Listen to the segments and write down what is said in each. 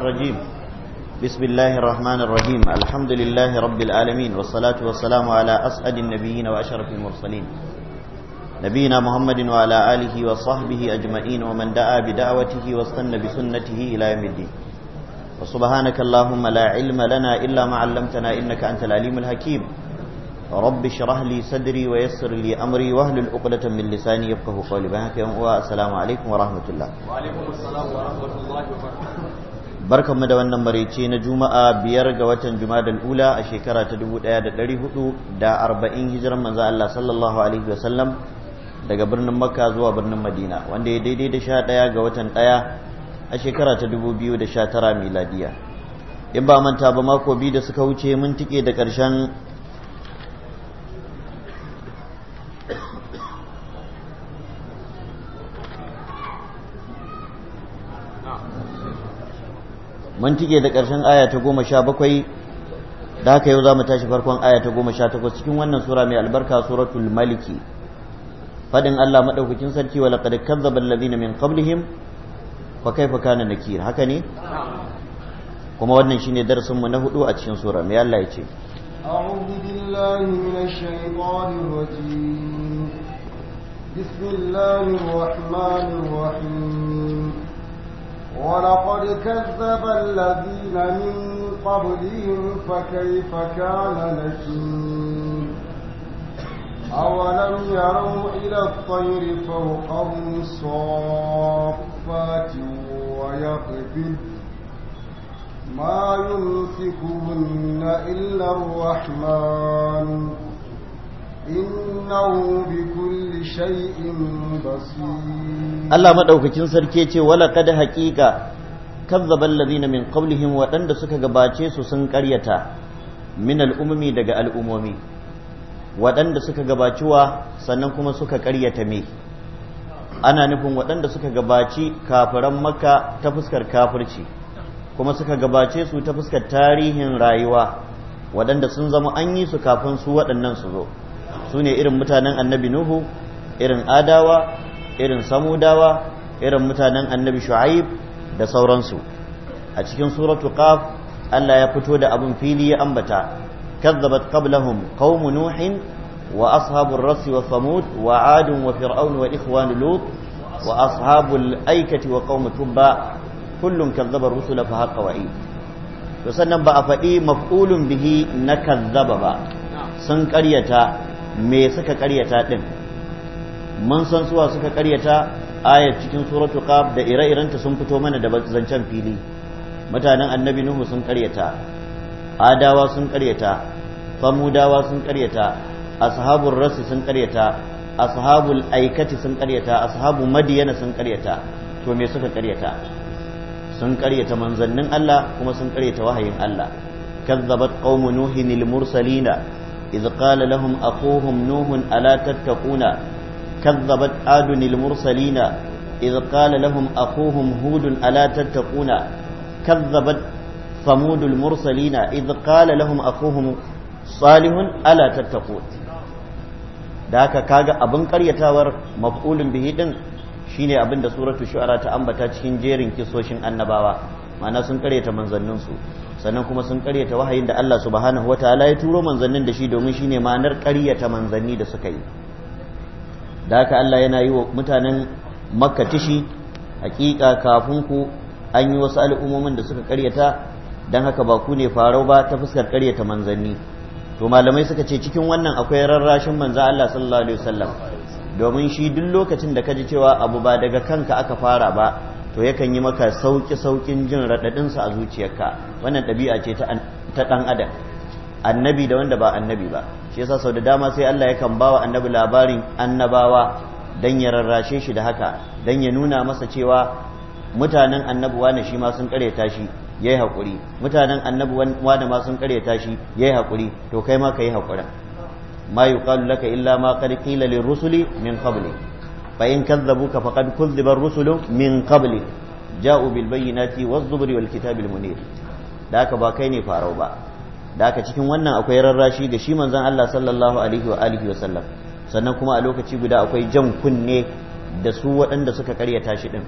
الرجيم بسم الله الرحمن الرحيم الحمد لله رب العالمين والصلاة والسلام على أسعد النبيين وأشرف المرسلين نبينا محمد وعلى آله وصحبه أجمعين ومن دعا بدعوته واستنى بسنته إلى يوم الدين وسبحانك اللهم لا علم لنا إلا ما علمتنا إنك أنت العليم الحكيم رب اشرح لي صدري ويسر لي امري واحلل عقدة من لساني يفقهوا قولي بها السلام عليكم ورحمة الله وعليكم السلام ورحمة الله وبركاته barkanmu da wannan maraice na juma'a biyar ga watan jumadal ula a shekara ta 1440 hijiran manzo Allah sallallahu alaihi wasallam daga birnin makka zuwa birnin madina wanda ya daidai da sha ɗaya ga watan ɗaya a shekara ta 2019 miladiya in ba manta ba mako biyu da suka wuce mun tike da karshen mun da ƙarshen aya ta goma sha bakwai da haka yau za mu tashi farkon aya ta goma sha takwas cikin wannan sura mai albarka suratul maliki faɗin Allah maɗaukakin sarki wa laqad kadzdzaba alladhina min qablihim fa kaifa kana nakir haka ne kuma wannan shine darasin mu na hudu a cikin sura mai Allah ya ce أعوذ بالله من الشيطان الرجيم بسم الله الرحمن ولقد كذب الذين من قبلهم فكيف كان نشير أولم يروا إلى الطير فوقهم صافات ويقبل ما يمسكهن إلا الرحمن Allah maɗaukacin sarki ce wala haƙiƙa, kan kazzaba alladhina min ƙaunihin waɗanda suka gabace su sun ƙaryata min al'ummi daga al'ummomi, waɗanda suka gabaci wa sannan kuma suka ƙaryata me ana nufin waɗanda suka gabaci kafiran maka ta fuskar kafirci kuma suka gabace su ta fuskar tarihin rayuwa waɗanda sun zama an yi su kafin su waɗannan su zo su ne irin mutanen annabi nuhu irin adawa irin samudawa irin mutanen annabi shu'aib da sauransu a cikin suratu qaf Allah ya fito da abin fili ya ambata kazzabat qablahum qaumu nuhin wa ashabur rasi wa samud wa adun wa fir'aun wa ikhwan lut wa ashabul aikati wa qaumu tubba kullum kazzaba rusula fa haqqa wa'id to sannan ba a faɗi maf'ulun bihi na kazzaba ba sun karyata. me suka karyata din mun san suwa suka karyata ayat cikin suratu qaf da ire iren ta sun fito mana da zancen fili mutanen annabi nuhu sun karyata adawa sun karyata samudawa sun karyata ashabul rasi sun karyata ashabul aikati sun karyata ashabu madiyana sun karyata to me suka karyata sun karyata manzannin Allah kuma sun karyata wahayin Allah kazzabat qaumu nuhin lil mursalina إذ قال لهم أخوهم نوح ألا تتقون كذبت عاد المرسلين إذ قال لهم أخوهم هود ألا تتقون كذبت ثمود المرسلين إذ قال لهم أخوهم صالح ألا تتقون da haka kaga abin karyatawar maf'ulun bihi din shine abin da suratul shu'ara ta ambata cikin jerin kisoshin annabawa ma'ana sun karyata manzanninsu sannan kuma sun karyata wahayin da Allah subhanahu wa ta'ala ya turo manzannin da shi domin shine ma'anar karyata manzanni da suka yi da haka Allah yana yi wa mutanen makka tishi hakika kafin ku an yi wasu al'ummomin da suka karyata don haka ba ku ne farau ba ta fuskar karyata manzanni to malamai suka ce cikin wannan akwai rarrashin manzo Allah sallallahu alaihi wasallam domin shi duk lokacin da kaji cewa abu ba daga kanka aka fara ba to yakan yi maka sauki saukin jin raɗaɗinsa a zuciyarka wannan ɗabi'a ce ta ɗan adam annabi da wanda ba annabi ba shi yasa sau da dama sai Allah yakan ba wa annabi labarin annabawa dan ya rarrashe shi da haka dan ya nuna masa cewa mutanen annabi ne shi ma sun kareta shi yayi hakuri mutanen annabi wani ma sun kareta shi yayi hakuri to kai ma ka yi haƙurin ma yuqalu laka illa ma qad qila lirrusuli min qabli fa in kadzabuka faqad kuzziba rusulun min qabli ja'u bil bayyinati waz zubri wal kitabil munir da haka ba kai ne farau ba da haka cikin wannan akwai rarrashi da shi manzon Allah sallallahu alaihi wa alihi wa sallam sannan kuma a lokaci guda akwai jan kunne da su waɗanda suka karyata shi din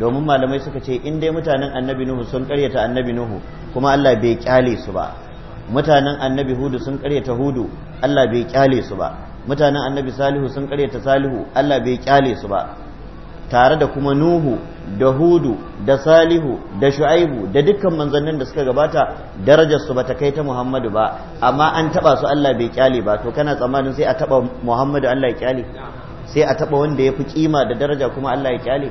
domin malamai suka ce in dai mutanen annabi nuhu sun karyata annabi nuhu kuma Allah bai kyale su ba mutanen annabi hudu sun karyata hudu Allah bai kyale su ba mutanen annabi salihu sun karyata salihu Allah bai kyale su ba tare da kuma nuhu da hudu da salihu da shu'aibu da dukkan manzannin da suka gabata darajar su ta kai ta muhammadu ba amma an taba su Allah bai kyale ba to kana tsammanin sai a taba muhammadu Allah ya kyale sai a taba wanda ya fi kima da daraja kuma Allah ya kyale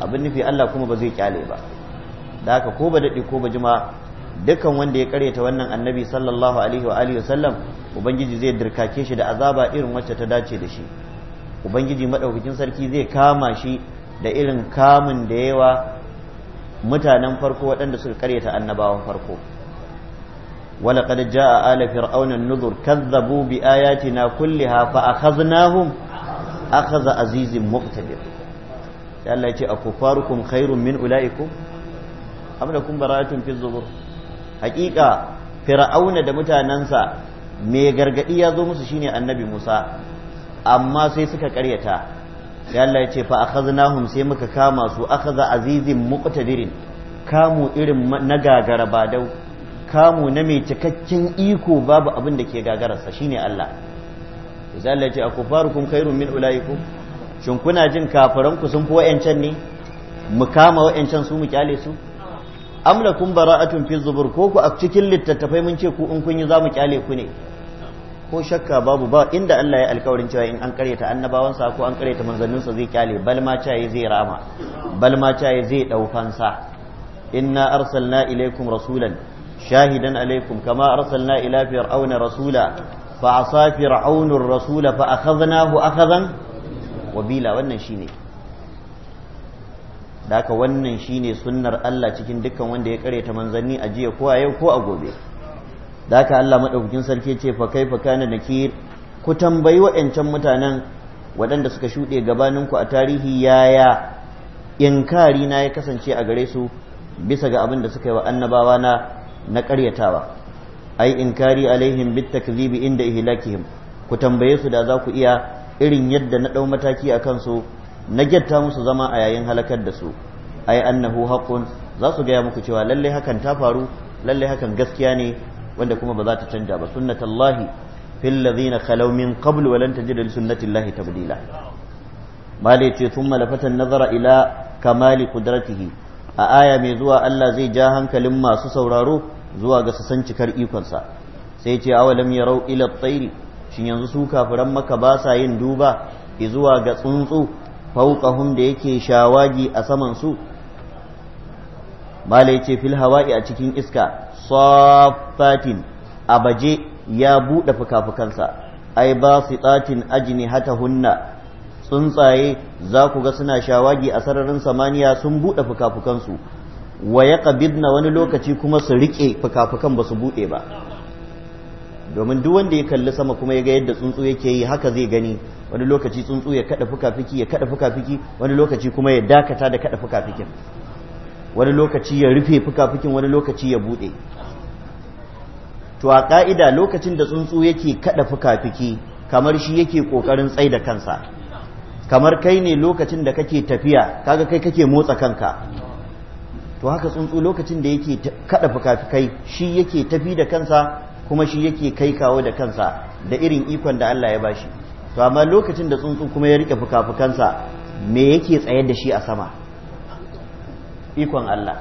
abin nufi Allah kuma ba zai kyale ba da haka ko ba daɗi ko ba jima dukkan wanda ya karyata wannan annabi sallallahu alaihi wa alihi wa sallam ubangiji zai dirkake shi da azaba irin wacce ta dace da shi ubangiji maɗaukakin sarki zai kama shi da irin kamun da yawa mutanen farko waɗanda suka karyata annabawan farko wala qad jaa ala fir'auna an-nuzur kazzabu bi ayatina kulliha fa akhadnahum akhadha azizun muqtadir ya Allah yace akufarukum khairun min ulaikum am lakum bara'atun fi zubur haqiqa fir'auna da mutanansa mai gargadi ya zo musu shine annabi Musa amma sai suka karyata sai Allah ya ce fa akhaznahum sai muka kama su akhadha azizin muqtadirin kamu irin na gagara badau kamu na mai cikakken iko babu abin da ke gagararsa shine Allah sai Allah ya ce akufarukum khairum min ulaikum shin kuna jin kafaranku sun fi wa'ancan ne mu kama wa'ancan su mu kyale su am kun bara'atun fi zubur ko ku a cikin littattafai mun ce ku in kun yi za mu kyale ku ne ko shakka babu ba inda Allah ya alkawarin cewa in an karyata annabawansa ko an karyata manzanninsa zai kyale bal ma caye zai rama bal ma caye zai daukansa inna arsalna ilaikum rasulan shahidan alaikum kama arsalna ila fir'auna rasula fa asa fir'aunur rasula fa akhadnahu akhadan wabila wannan shine da haka wannan shine sunnar Allah cikin dukkan wanda ya kare ta manzanni a jiya ko a yau ko a gobe da haka Allah madaukakin sarki ce fa na kana nakir ku tambayi wa'ancan mutanen waɗanda suka shuɗe gabaninku a tarihi yaya inkari na ya kasance a gare su bisa ga abin da suka yi wa annabawa na na ƙaryatawa ai inkari alaihim bit inda ihlakihim ku tambaye su da za ku iya irin yadda na ɗau mataki a kansu na gyatta musu zama a yayin halakar da su ai annahu haqqun za su gaya muku cewa lalle hakan ta faru lalle hakan gaskiya ne wanda kuma ba za ta canja ba sunnatullahi fil ladhina khalaw min qabl wa lan tajida li sunnatillahi tabdila malai ce thumma lafatan nazara ila kamali qudratihi a aya mai zuwa Allah zai ja hankalin masu sauraro zuwa ga su san cikar ikonsa sai ce awalam yarau ila tsairi shin yanzu su kafiran maka ba sa yin duba zuwa ga tsuntsu fauqahum da yake shawagi a saman su mala yace fil hawa'i a cikin iska a baje ya buɗe fukafukansa ai ba aji ne hata hunna tsuntsaye za ku ga suna shawagi a sararin samaniya sun buɗe fukafukansu wa ya na wani lokaci kuma su riƙe fukafukan ba su buɗe ba domin duk wanda ya kalli sama kuma ya ga yadda tsuntsu yake yi haka zai gani wani lokaci tsuntsu ya kada fuka-fiki ya kada fuka-fiki wani lokaci kuma ya dakata da kada fuka-fikin wani lokaci ya rufe fuka-fikin wani lokaci ya bude to a ka'ida lokacin da tsuntsu yake kada fuka-fiki kamar shi yake kokarin tsai da kansa kamar kai ne lokacin da kake tafiya kaga kai kake motsa kanka to haka tsuntsu lokacin da yake kada fuka-fikai shi yake tafi da kansa kuma shi yake kai kawo da kansa da irin ikon da Allah ya bashi to amma lokacin da tsuntsu kuma ya rike fuka-fukansa me yake tsayar da shi a sama ikon Allah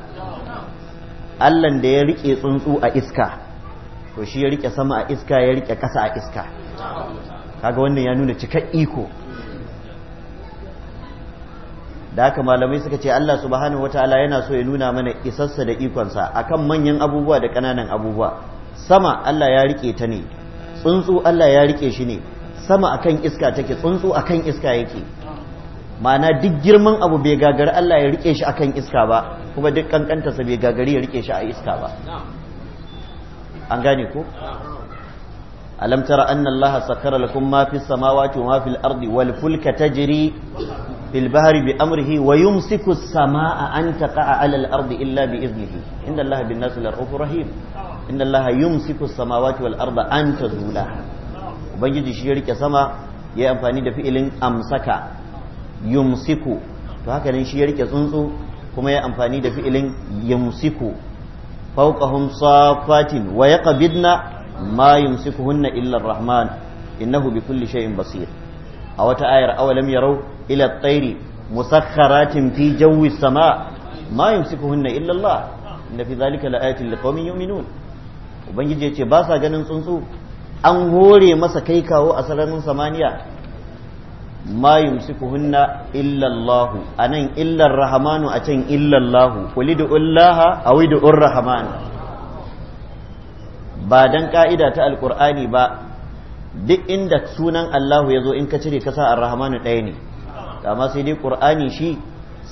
Allahn da ya rike tsuntsu a iska to shi ya rike sama a iska ya rike kasa a iska kaga wannan ya nuna cikar iko da haka malamai suka ce Allah subhanahu wataala yana so ya nuna mana isarsa da ikonsa akan manyan abubuwa da ƙananan abubuwa sama Allah ya rike ta ne tsuntsu Allah ya rike shi ne sama akan iska take tsuntsu akan iska yake ma'ana duk girman abu bai gagari Allah ya rike shi akan iska ba kuma duk sa bai gagari ya rike shi a iska ba an gane ko alam tara anna allaha sakara lakum ma fis samawati wa ma fil ardi wal fulka tajri fil bahri bi amrihi wa yumsiku as-samaa an taqa'a 'ala al ardi illa bi idnihi inna Allah bin nasi larufur rahim inna allaha yumsiku as-samawati wal arda an tazula ubangiji shi ya rike sama ya yi amfani da fi'ilin amsaka yumsiku to haka nan shi ya rike tsuntsu kuma ya amfani da fi'ilin yumsiku fawqahum safatin wa yaqbidna ma yumsikuhunna illa ar-rahman innahu bikulli shay'in basir a wata ayar awalam yarau ila at-tayri musakharatin fi jawi sama ma yumsikuhunna illa Allah inna fi dhalika laayatin liqaumin yu'minun ubangiji ya ce ba sa ganin tsuntsu an hore masa kai kawo a sararin samaniya ma yumsikuhunna illallahu nan illar rahamanu a can illallahu da ullaha awidu rahamanu ba dan ka'ida ta Alƙur'ani ba duk inda sunan Allahu ya zo in ka cire kasa a rahmanu ɗaya ne amma sai dai ƙur'ani shi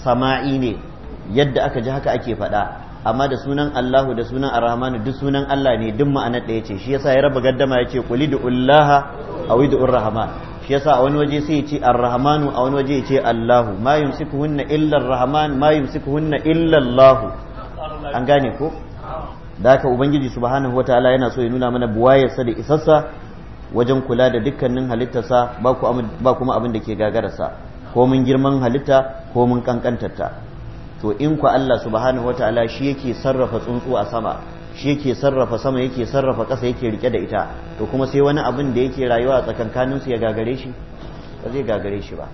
sama'i ne yadda aka ji haka ake faɗa amma da sunan Allahu da sunan Ar-Rahmanu duk sunan Allah ne duk ma'anar ɗaya ce shi yasa ya raba gaddama yace qul ullaha aw ud'ur rahman shi yasa a wani waje sai ya ce Ar-Rahmanu a wani waje ya ce Allahu ma yumsikuhunna illa Ar-Rahman ma yumsikuhunna illa Allah an gane ko da haka ubangiji subhanahu wataala yana so ya nuna mana buwayarsa da isassa wajen kula da dukkanin halittarsa ba kuma abin da ke gagararsa ko mun girman halitta ko mun kankantarta to in ku Allah subhanahu wataala shi yake sarrafa tsuntsu a sama shi yake sarrafa sama yake sarrafa ƙasa yake rike da ita to kuma sai wani abin da yake rayuwa a tsakankanin su ya gagare shi ba zai gagare shi ba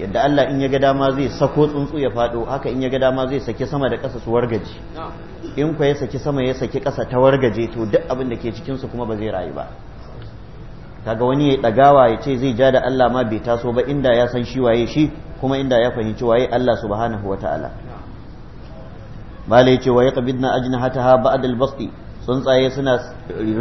yadda Allah in ya ga dama zai sako tsuntsu ya fado haka in ya ga dama zai saki sama da ƙasa su wargaje in ku ya saki sama ya saki ƙasa ta wargaje to duk abin da ke cikin su kuma ba zai rayu ba kaga wani ya ɗagawa ya ce zai ja da Allah ma bai taso ba inda ya san shi waye shi kuma inda ya fahimci waye Allah subhanahu wa ta'ala ya ce wa yaqbidna hata ba'da Adal basti tsuntsaye suna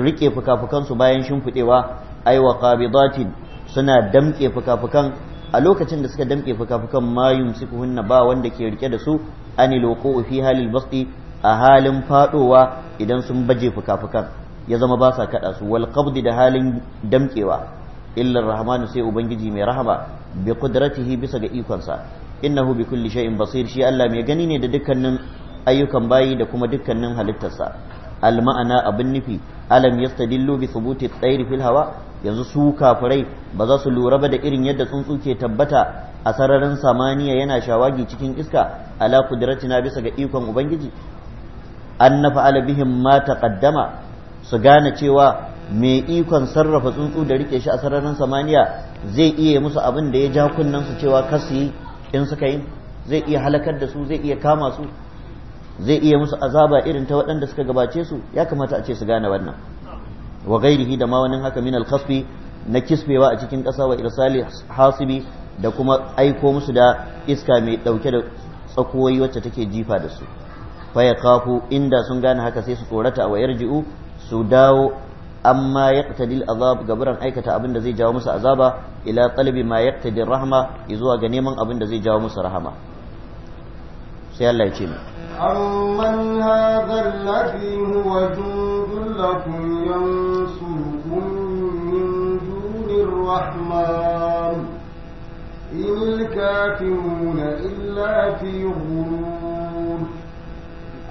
rike fukansu bayan shimfidewa ai wa qabidatin suna damke fukan a lokacin da suka damke fukafukan ma yumsikuhunna ba wanda ke rike da su Anilo wuqu'u fi halil basti a halin fadowa idan sun baje fukan ya zama ba sa kaɗa su wal da halin damƙewa illar rahmanu sai ubangiji mai rahama bi qudratihi bisa ga ikonsa innahu bi kulli shay'in basir shi Allah mai gani ne da dukkanin ayyukan bayi da kuma dukkanin halittarsa al ma'ana abin nufi alam yastadillu bi thubuti tsairi fil hawa yanzu su kafirai ba za su lura ba da irin yadda tsuntsu ke tabbata a sararin samaniya yana shawagi cikin iska ala na bisa ga ikon ubangiji an nafa'ala bihim ma taqaddama su gane cewa mai ikon sarrafa tsuntsu da rike shi a sararin samaniya zai iya musu abin da ya ja kunnansu su cewa yi in suka yi zai iya halakar da su zai iya kama su zai iya musu azaba irin ta waɗanda suka gabace su ya kamata a ce su gane wannan wa gairihi da ma haka min alkasfi na kisbewa a cikin ƙasa wa irsali hasibi da kuma aiko musu da iska mai ɗauke da tsakuwoyi wacce take jifa da su fa kafu inda sun gane haka sai su tsorata wa ji'u su dawo amma yaqtadi al-azab gabaran aikata abin da zai jawo musu azaba ila qalbi ma yaqtadi rahma zuwa ga neman abin da zai jawo musu rahama sai Allah ya ce mu amman hadha alladhi huwa jundun lakum yansurukum min dunir rahman in kafiruna illa fi ghurur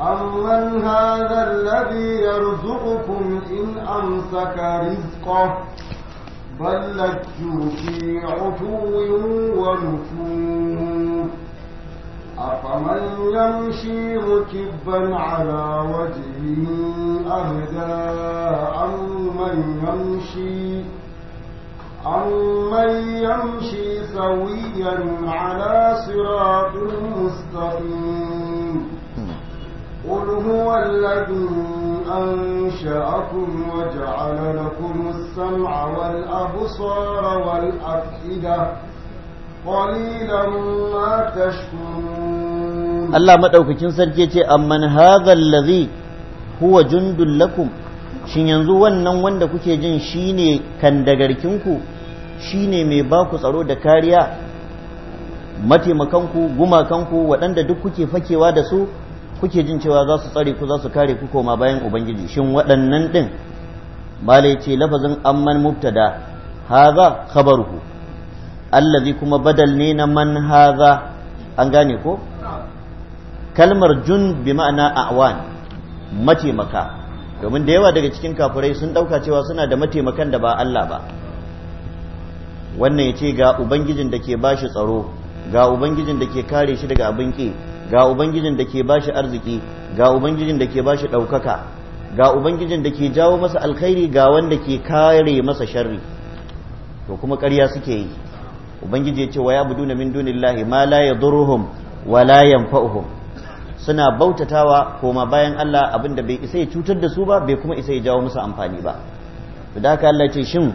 أمن هذا الذي يرزقكم إن أمسك رزقه بل لجوا في عتو ونفور أفمن يمشي مكبا على وجهه أهدى أمن يمشي أمن يمشي سويا على صراط مستقيم قل هو الذي أنشأكم وجعل لكم السمع والأبصار والأفئدة قليلا ما تشكرون الله ما كن سرجيتي أمن هذا الذي هو جند لكم shin yanzu wannan wanda kuke jin shine kandagarkinku shine mai ba ku tsaro da kariya mataimakanku gumakanku waɗanda duk kuke fakewa da su kuke jin cewa za su tsare ku za su kare ku koma bayan ubangiji shin waɗannan ɗin malai ce lafazin amman mubtada haza khabaruhu allazi kuma badal ne na man haza an gane ko kalmar jun bi ma'ana a'wan mataimaka domin da yawa daga cikin kafurai sun ɗauka cewa suna da mataimakan da ba Allah ba wannan ya ce ga ubangijin da ke bashi tsaro ga ubangijin da ke kare shi daga abin ƙi ga ubangijin da ke bashi arziki ga ubangijin da ke bashi ɗaukaka ga ubangijin da ke jawo masa alkhairi ga wanda ke kare masa sharri to kuma ƙarya suke yi ubangiji ya ce wa ya buduna min dunillahi ma la yadurruhum wa la yanfa'uhum suna bautatawa koma bayan Allah abin da bai isa ya cutar da su ba bai kuma isa ya jawo masa amfani ba da haka Allah ce shin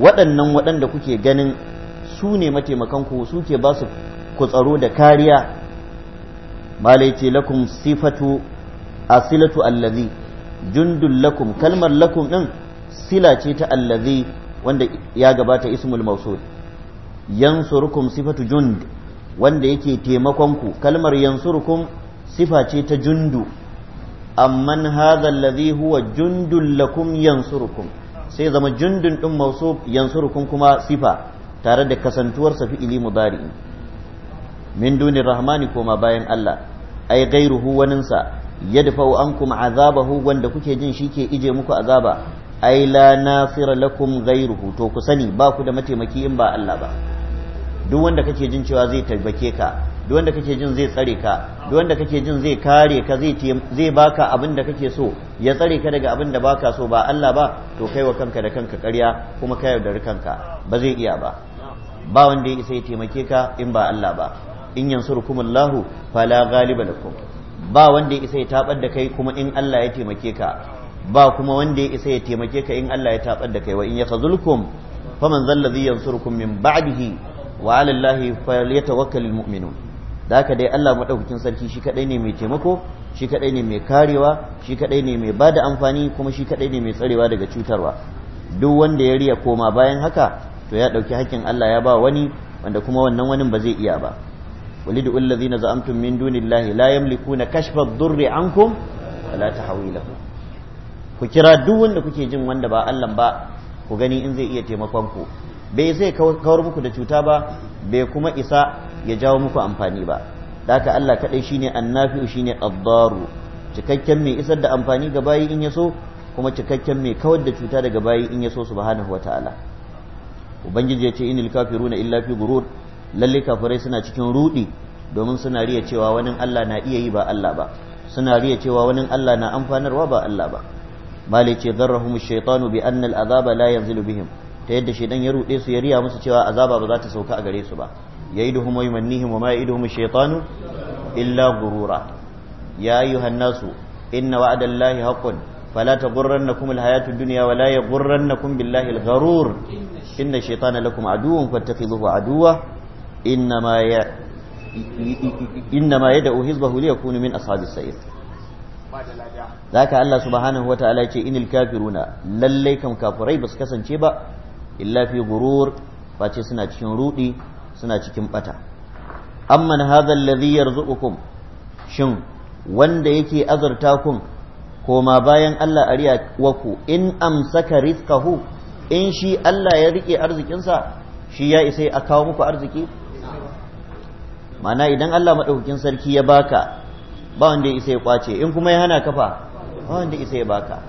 waɗannan waɗanda kuke ganin su ne mataimakan su ke ba su ku tsaro da kariya malai ce lakum sifatu asilatu allazi jundul lakum kalmar lakum din sila ce ta allazi wanda ya gabata ismul mausul yansurukum sifatu jund wanda yake taimakon ku kalmar yansurukum sifa ce ta jundu amman hadha allazi huwa jundul lakum yansurukum sai zama jundun din mausuf yansurukum kuma sifa tare da kasantuwar sa fi'ili mudari min duni rahmani koma bayan Allah ai gairuhu waninsa yadfa'u ankum azabahu wanda kuke jin shi ke ije muku azaba ai la nasira lakum gairuhu to ku sani ba ku da mataimaki in ba Allah ba duk wanda kake jin cewa zai tabbake ka duk wanda kake jin zai tsare ka duk wanda kake jin zai kare ka zai zai baka abin da kake so ya tsare ka daga abin da baka so ba Allah ba to kai wa kanka da kanka ƙarya kuma ka da kanka ba zai iya ba ba wanda ya isa ya taimake ka in ba Allah ba in yansurukumullahu fala ghaliba lakum ba wanda ya isa ya tabar da kai kuma in Allah ya taimake ka ba kuma wanda ya isa ya taimake ka in Allah ya tabar da kai wa in yakhzulkum faman zal ladhi yansurukum min ba'dihi wa 'ala Allahi falyatawakkalul mu'minun da haka dai Allah madaukakin sarki shi kadai ne mai taimako shi kadai ne mai karewa shi kadai ne mai bada amfani kuma shi kadai ne mai tsarewa daga cutarwa duk wanda ya riya koma bayan haka to ya dauki hakkin Allah ya ba wani wanda kuma wannan wani ba zai iya ba wali da ullazi na za'amtun min dunillahi la yamliku na kashfa durri ankum wala ku kira duk wanda kuke jin wanda ba Allah ba ku gani in zai iya taimakon ku bai zai kawar muku da cuta ba bai kuma isa ya jawo muku amfani ba daka Allah kaɗai shine annafi'u shine addaru cikakken mai isar da amfani ga bayi in yaso kuma cikakken mai kawar da cuta daga bayi in yaso subhanahu wataala ubangiji ya ce inil kafiruna illa fi gurur lalle kafirai suna cikin rudi domin suna riya cewa wani Allah na iya yi ba Allah ba suna riya cewa wani Allah na amfanarwa ba Allah ba malai ce zarrahum shaytanu bi anna azaba la yanzilu bihim ta yadda shaidan ya rude su ya riya musu cewa azaba ba za ta sauka a gare su ba yaiduhum wa yumannihim wa ma yaiduhum shaitanu illa gurura ya ayyuhan nasu inna wa'adallahi haqqun فلا تغرنكم الحياة الدنيا ولا يغرنكم بالله الغرور إن الشيطان لكم عدو فاتخذوه عدوا innama yadda uhiz ba huliya kunu min ashabis sa'id za ka Allah subhanahu wa ta'ala ce inil kafiruna lallai kan kafurai ba su kasance ba illa fi gurur face suna cikin rudi suna cikin bata amman hadha alladhi yarzuqukum shin wanda yake azurta kun koma bayan Allah ariya waku in amsaka rizqahu in shi Allah ya rike arzikinsa, shi ya isai a kawo muku arziki mana idan Allah maɗaukakin sarki ya baka ba wanda isa ya kwace in kuma ya hana kafa ba wanda isa ya baka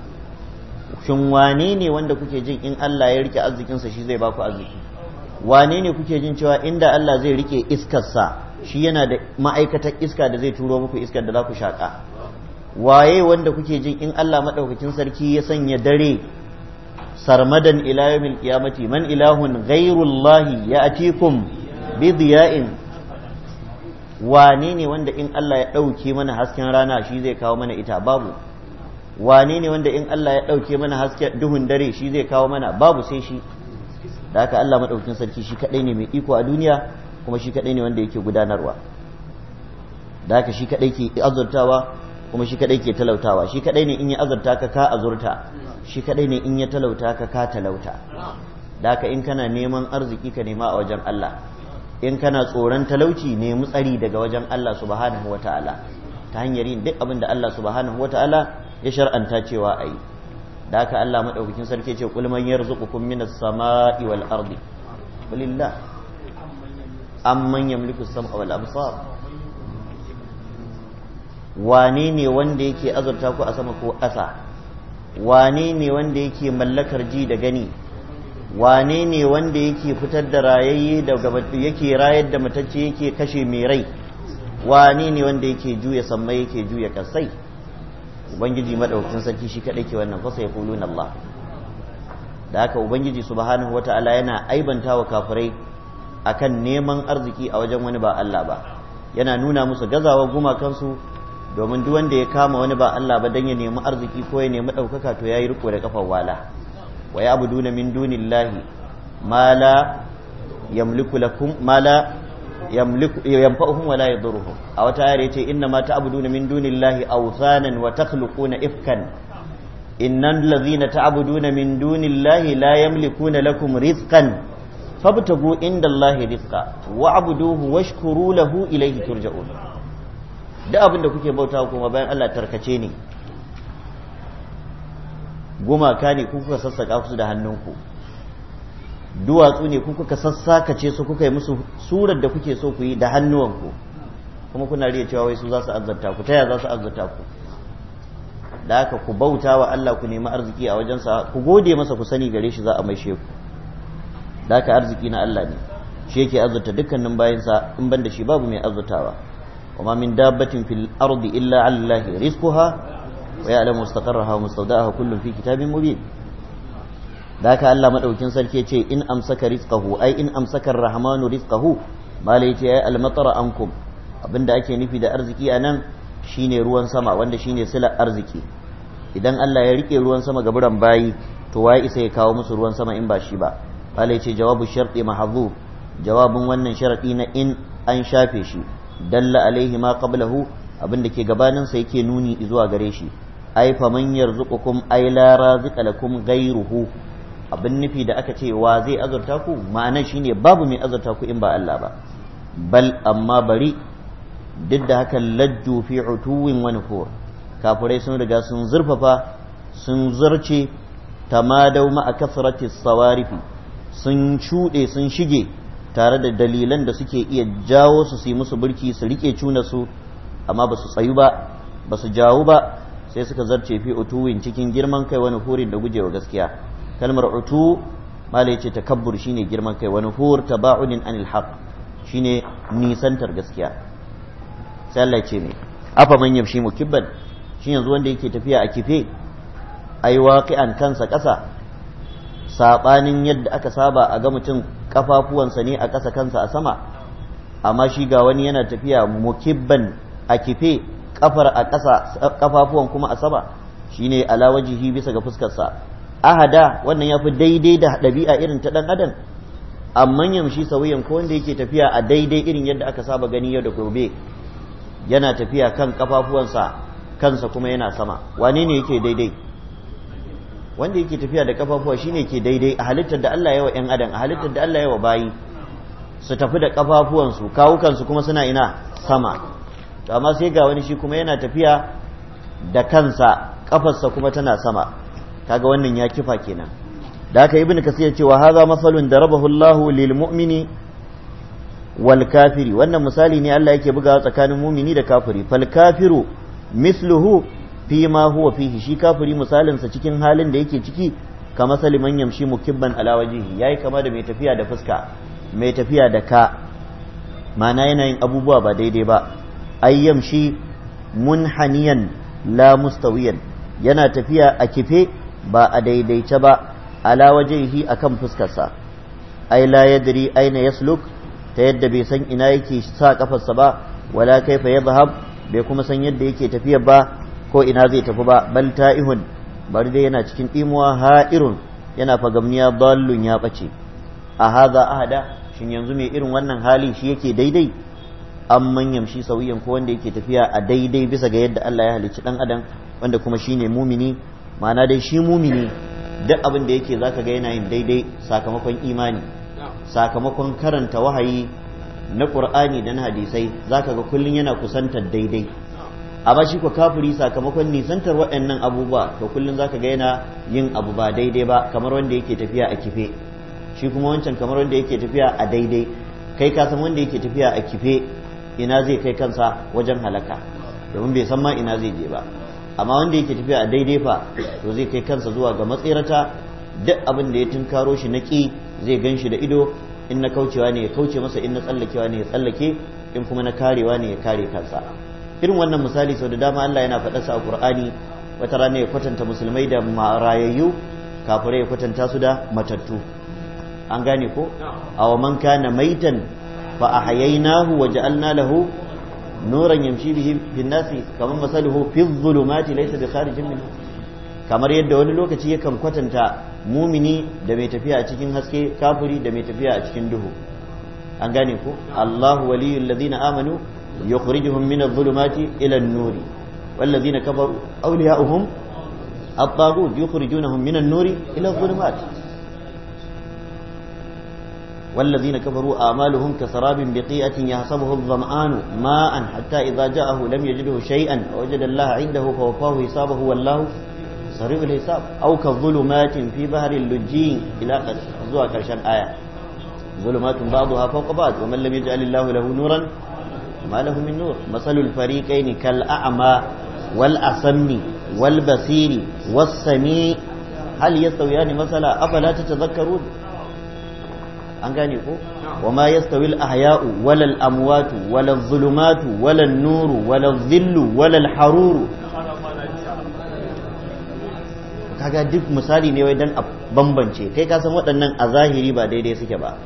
shin wane ne wanda kuke jin in Allah ya rike arzikinsa shi zai baku arziki wane ne kuke jin cewa inda Allah zai rike iskarsa shi yana da ma'aikatar iska da zai turo muku iskar da za ku shaƙa waye wanda kuke jin in Allah maɗaukakin sarki ya sanya dare sarmadan ila yawmil qiyamati man ilahun ghairullahi ya'tikum bi diya'in wane ne wanda in Allah ya ɗauke mana hasken rana shi zai kawo mana ita babu wane ne wanda in Allah ya ɗauke mana hasken duhun dare shi zai kawo mana babu sai shi da haka Allah maɗaukin sarki shi kaɗai ne mai iko a duniya kuma shi kaɗai ne wanda yake gudanarwa da haka shi kaɗai ke azurtawa kuma shi kaɗai ke talautawa shi kaɗai ne in ya azurta ka ka azurta shi kaɗai ne in ya talauta ka ka talauta da haka in kana neman arziki ka nema a wajen Allah in kana tsoron talauci nemi tsari daga wajen Allah subhanahu wa ta'ala ta hanyar yin duk abin da Allah subhanahu wa ta'ala ya shar'anta cewa a yi da haka Allah maɗaukakin sarki ce kul man yarzuqukum minas sama'i wal ardi Walillah amman manya mulki sama wal amsa. wane ne wanda yake azurta ku a sama ko ƙasa wane ne wanda yake mallakar ji da gani wane ne wanda yake fitar da rayayye daga yake rayar da matacce yake kashe mai rai wane ne wanda yake juya sammai yake juya kasai ubangiji madaukakin sarki shi kadai ke wannan fasa yaquluna Allah da haka ubangiji subhanahu wata'ala yana aibanta wa kafirai akan neman arziki a wajen wani ba Allah ba yana nuna musu gazawa gumakansu domin duk wanda ya kama wani ba Allah ba dan ya nemi arziki ko ya nemi ɗaukaka to yayi riko da kafar wala wa ya'buduna min dunillahi mala la yamliku lakum ma la yamliku yanfa'uhum wa yadurruhum a wata ayar yace inna ma ta'buduna min dunillahi awthanan wa takhluquna ifkan innal ladhina ta'buduna min dunillahi la yamlikuna lakum rizqan fabtagu indallahi rizqa wa'buduhu washkuru lahu ilayhi turja'un da abin da kuke bauta kuma bayan Allah tarkace ne gumaka ne ku kuka sassaka su da hannunku duwatsu ne ku kuka sassakace su kuka yi musu surar da kuke so ku yi da hannuwanku kuma kuna riya cewa wai su za su azzarta ku ta za su azzarta ku da haka ku bauta wa Allah ku nemi arziki a wajensa ku gode masa ku sani gare shi za a maishe ku da haka arziki na Allah ne shi yake azurta dukkanin bayansa in ban da shi babu mai azurtawa wa ma min dabbatin fil ardi illa allahi rizquha ويعلم مستقرها ومستودعها كل في كتاب مبين ذاك الله مدوكين سركي ce in amsaka rizqahu ai in amsaka arrahmanu rizqahu malai ce ai almatara ankum abinda ake nufi da arziki anan shine ruwan sama wanda shine sila arziki idan Allah ya rike ruwan sama ga buran bayi to wai isa ya kawo musu ruwan sama in ba shi ba malai ce jawabu sharti mahdhu jawabin wannan sharadi na in an shafe shi dalla alaihi ma qablahu abin da ke gabaninsa yake nuni zuwa gare shi ai man yarzuqukum ai la raziqa lakum ghayruhu abin nufi da aka ce wa zai azurta ku ma'ana shine babu mai azurta ku in ba Allah ba bal amma bari duk da haka lajju fi utuwin wa nufur kafirai sun riga sun zurfafa sun zarce tamadau a kasrati sawarifi sun cuɗe sun shige tare da dalilan da suke iya jawo su su yi musu burki su rike cuna su amma ba su tsayu ba ba su jawo ba sai suka zarce fi utuwin cikin girman kai wani hurin da gujewa gaskiya kalmar utu malai ce takabbur shine girman kai wani hur ba'unin anil haq shine nisantar gaskiya sai Allah ce me afa man yamshi mukibban shi yanzu wanda yake tafiya a kife ai waqi'an kansa kasa sabanin yadda aka saba a ga mutum kafafuwansa ne a kasa kansa a sama amma shi ga wani yana tafiya mukibban a kife kafar a ƙasa kafafuwan kuma a sama shine ala wajihi bisa ga fuskarsa ahada wannan ya fi daidai da ɗabi'a irin ta ɗan adam amma yamshi sauyan ko wanda yake tafiya a daidai irin yadda aka saba gani yau da gobe yana tafiya kan kafafuwansa kansa kuma yana sama wane ne yake daidai wanda yake tafiya da kafafuwa shine ke daidai a halittar da Allah yawa yan adam a halittar da Allah yawa bayi su tafi da kafafuwansu kawukansu kuma suna ina sama to amma sai ga wani shi kuma yana tafiya da kansa kafarsa kuma tana sama kaga wannan ya kifa kenan da aka ibnu kasir yace wa hadha masalun darabahu Allah lil mu'mini wal kafiri wannan misali ne Allah yake bugawa tsakanin mumini da kafiri fal kafiru misluhu fi ma huwa fihi shi kafiri misalin sa cikin halin da yake ciki kama man yamshi mukibban ala wajhihi yayi kama da mai tafiya da fuska mai tafiya da ka ma'ana yana yin abubuwa ba daidai ba ay shi munhaniyan la mustawiyan yana tafiya a kife ba a daidaice ba ala wajehi akan fuskarsa ai la yadri aina yasluk ta yadda bai san ina yake sa kafarsa ba wala kaifa yadhhab bai kuma san yadda yake tafiya ba ko ina zai tafi ba bal ta'ihun bari dai yana cikin imuwa ha'irun yana fagamniya dallun ya bace a hada ahada shin yanzu mai irin wannan hali shi yake daidai an manyan shi sauyin ko wanda yake tafiya a daidai bisa ga yadda Allah ya halicci dan adam wanda kuma shine mumini ma'ana dai shi mumini duk abin da yake zaka ga yana yin daidai sakamakon imani sakamakon karanta wahayi na qur'ani da na hadisai zaka ga kullun yana kusantar daidai amma shi ko kafiri sakamakon nisantar waɗannan abubuwa to kullun zaka ga yana yin abu ba daidai ba kamar wanda yake tafiya a kife shi kuma wancan kamar wanda yake tafiya a daidai kai ka san wanda yake tafiya a kife ina zai kai kansa wajen halaka domin bai san ma ina zai je ba amma wanda yake tafiya a daidai fa to zai kai kansa zuwa ga matsirata duk abin da ya tunkaro shi na ki zai gan shi da ido in na kaucewa ne ya kauce masa in na tsallakewa ne ya tsallake in kuma na karewa ne ya kare kansa irin wannan misali sau da dama Allah yana faɗa sa a Qur'ani wata rana ya kwatanta musulmai da marayayyu kafirai ya kwatanta su da matattu an gane ko awa man kana maitan fa ahyaynahu wa ja'alna lahu nuran yamshi bihi bin nasi kamar masaluhu kamar yadda wani lokaci yakan kwatanta mumini da mai tafiya a cikin haske kafuri da mai tafiya a cikin duhu an gane ku. Allahu waliyul ladina amanu yukhrijuhum min adh-dhulumati ila an-nuri kafaru awliya'uhum at-taghut yukhrijunahum min an-nuri ila adh-dhulumati والذين كفروا آمالهم كسراب بقيئة يحسبه الظمآن ماء حتى إذا جاءه لم يجده شيئا وجد الله عنده فوفاه حسابه والله سريع الحساب أو كظلمات في بحر اللجي إلى زوا كرشان آية ظلمات بعضها فوق بعض ومن لم يجعل الله له نورا ما له من نور مثل الفريقين كالأعمى والأصم والبصير والسميع هل يستويان مثلا أفلا تتذكرون an gane ko wa ma yastawi al-ahya'u wal amwatu wal zulumatu wal nuru wal dhillu wal harur kaga duk misali ne wai dan a bambance kai ka san waɗannan a zahiri ba daidai suke ba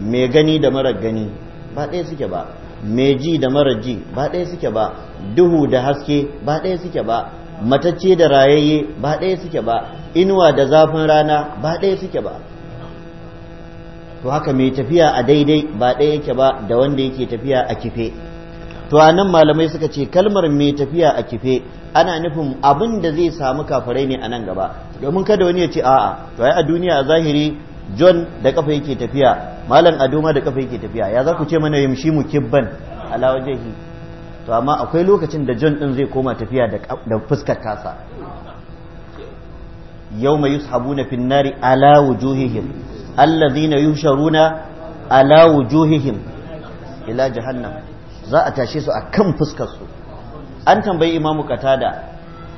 mai gani da mara gani ba ɗaya suke ba mai ji da mara ji ba ɗaya suke ba duhu da haske ba ɗaya suke ba matacce da rayayye ba ɗaya suke ba inuwa da zafin rana ba ɗaya suke ba to haka mai tafiya a daidai ba ɗaya yake ba da wanda yake tafiya a kife to a nan malamai suka ce kalmar mai tafiya a kife ana nufin abin da zai samu kafirai ne a nan gaba domin kada wani ya ce a'a to ai a duniya a zahiri john da kafa yake tafiya malam Ado ma da kafa yake tafiya ya za ku ce mana yamshi mu kibban ala wajehi to amma akwai lokacin da john din zai koma tafiya da fuskar kasa yau mai yushabuna finnari ala wujuhihim الذين yusharuna على وجوههم ila جهنم za a tashe su akan fuskar su an tambayi imamu katada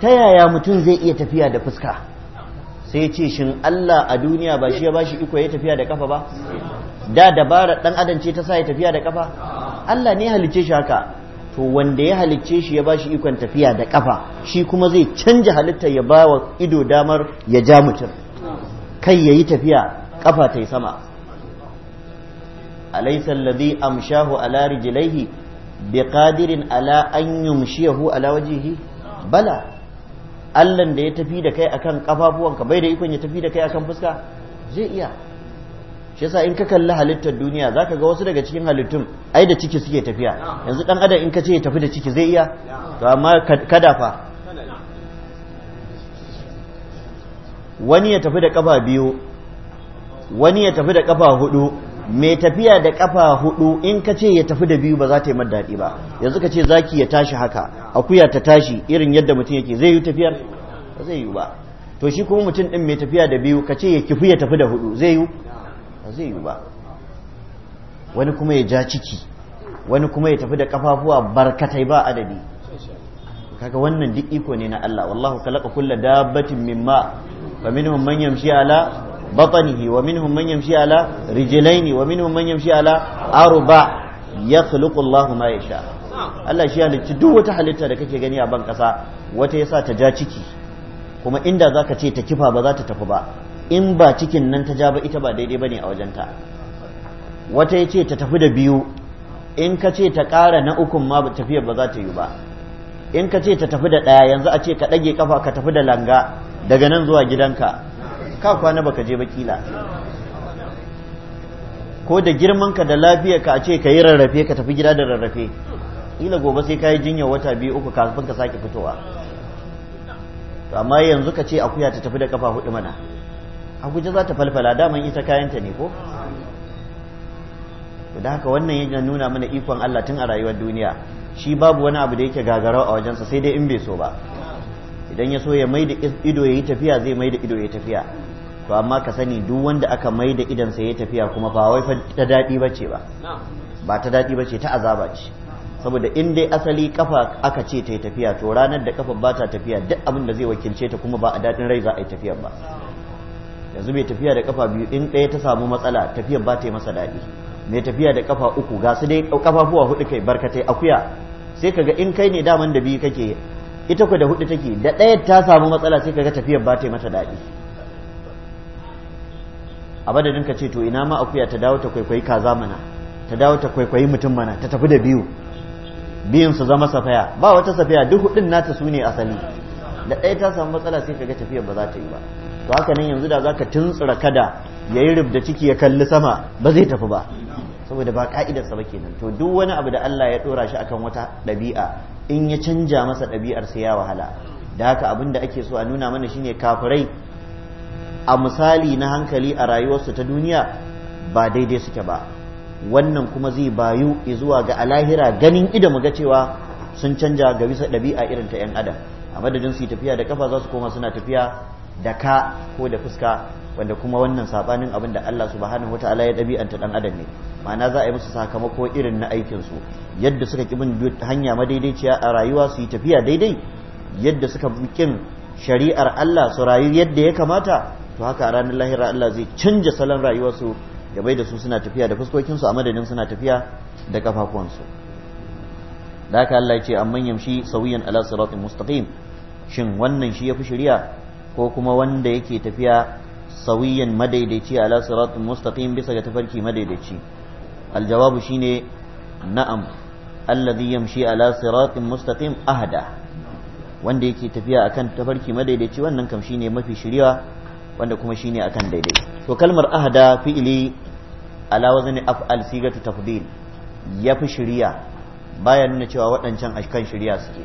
ta yaya mutum zai iya tafiya da fuska sai ce shin Allah a duniya ba shi ya bashi iko ya tafiya da kafa ba da dabara dan adam ce ta sa ya tafiya da kafa Allah ne halicce shi haka to wanda ya halicce shi ya bashi ikon tafiya da kafa shi kuma zai canja halitta ya ba wa ido damar ya ja mutum kai yayi tafiya kafa ta yi sama alaysa alladhi amshahu ala rijlaihi qadirin ala an yumshihu ala wajhihi bala allan da ya tafi da kai akan kafafuwanka bai da ikon ya tafi da kai akan fuska zai iya shi yasa in ka kalli halittar duniya zaka ga wasu daga cikin halittun ai da ciki suke tafiya yanzu dan adam in ka ce ya tafi da ciki zai iya to amma kada fa wani ya tafi da kafa biyu wani ya tafi da kafa hudu mai tafiya da kafa hudu in ka ce ya tafi da biyu ba za ta yi mar daɗi ba yanzu ka ce zaki ya tashi haka akuya ta tashi irin yadda mutum yake zai yi tafiyar ba zai yi ba to shi kuma mutum din mai tafiya da biyu ka ce ya kifi ya tafi da hudu zai yi ba zai yi ba wani kuma ya ja ciki wani kuma ya tafi da kafafuwa barkatai ba adadi kaga wannan duk iko ne na Allah wallahu khalaqa kulla dabbatin mimma fa minhum man yamshi ala batnihi wa minhum man yamshi ala rijlaini wa minhum man yamshi ala arba yakhluqu Allahu ma yasha Allah shi halicci duk wata halitta da kake gani a ban kasa wata yasa ta ja ciki kuma inda zaka ce ta kifa ba za ta tafi ba in ba cikin nan ta ja ba ita ba daidai bane a wajenta wata yace ta tafi da biyu in ka ce ta ƙara na ukun ma tafiya ba za ta yi ba in ka ce ta tafi da ɗaya yanzu a ce ka ɗage kafa ka tafi da langa daga nan zuwa gidanka ka kwana baka je ba kila ko da girman ka da lafiyar ka a ce ka yi rarrafe ka tafi gida da rarrafe ila gobe sai ka yi jinyar wata biyu uku kafin ka sake fitowa amma yanzu ka ce akuya ta tafi da kafa hudu mana a guje za ta falfala daman ita kayanta ne ko da haka wannan yana nuna mana ikon Allah tun a rayuwar duniya shi babu wani abu da yake gagarau a wajensa sai dai in bai so ba idan ya so ya mai da ido ya yi tafiya zai mai da ido ya tafiya to amma ka sani duk wanda aka mai da idan sa ya tafiya kuma ba wai ta dadi bace ba ba ta dadi bace ta azaba ce saboda in dai asali kafa aka ce ta yi tafiya to ranar da kafa ba ta tafiya duk abin da zai wakilce ta kuma ba a dadin rai za a yi tafiya ba yanzu mai tafiya da kafa biyu in ɗaya ta samu matsala tafiyar ba ta yi masa daɗi mai tafiya da kafa uku ga su dai kafafuwa hudu kai barkatai akuya sai kaga in kai ne daman da biyu kake ita ku da hudu take da ɗaya ta samu matsala sai kaga tafiyar ba ta yi mata daɗi a badadin ka ce to ina ma akuya ta dawo ta kwaikwayi kaza mana ta dawo ta kwaikwayi mutum mana ta tafi da biyu biyun su zama safaya ba wata safaya duk hudun nata su ne asali da ɗaya ta samu matsala sai kaga tafiyar ba za ta yi ba to haka nan yanzu da za ka tuntsura kada ya yayi rubda ciki ya kalli sama ba zai tafi ba saboda ba ka'idarsa ba kenan to duk wani abu da Allah ya dora shi akan wata ɗabi'a in ya canja masa ɗabi'ar sai ya wahala da haka abin da ake so a nuna mana shine kafirai a misali na hankali a rayuwarsu ta duniya ba daidai suke ba wannan kuma zai bayu zuwa ga alahira ganin ido mu ga cewa sun canja ga bisa ɗabi'a irin ta 'yan adam a madadin su yi tafiya da kafa za su koma suna tafiya da ka ko da fuska wanda kuma wannan sabanin abin da Allah subhanahu wataala ya dabi'anta dan adam ne ma'ana za a yi musu sakamako irin na aikin su yadda suka kibin hanya madaidaiciya a rayuwa su yi tafiya daidai yadda suka kin shari'ar Allah su rayu yadda ya kamata to haka a ranar lahira Allah zai canja salon rayuwar su ya bai da su suna tafiya da fuskokin su a madadin suna tafiya da kafafuwan su da haka Allah ya ce amman yamshi sawiyan ala siratin mustaqim shin wannan shi yafi shari'a ko kuma wanda yake tafiya sawiyan madaidaici ala siratul mustaqim bisa ga tafarki madaidaici aljawabu shine na'am alladhi yamshi ala siratin mustaqim ahda wanda yake tafiya akan tafarki madaidaici wannan kam shine mafi shiriwa wanda kuma shine akan daidai to kalmar ahda fi'ili ala wazni af'al sigatu tafdil yafi shiriya baya nuna cewa waɗancan ashkan shiriya suke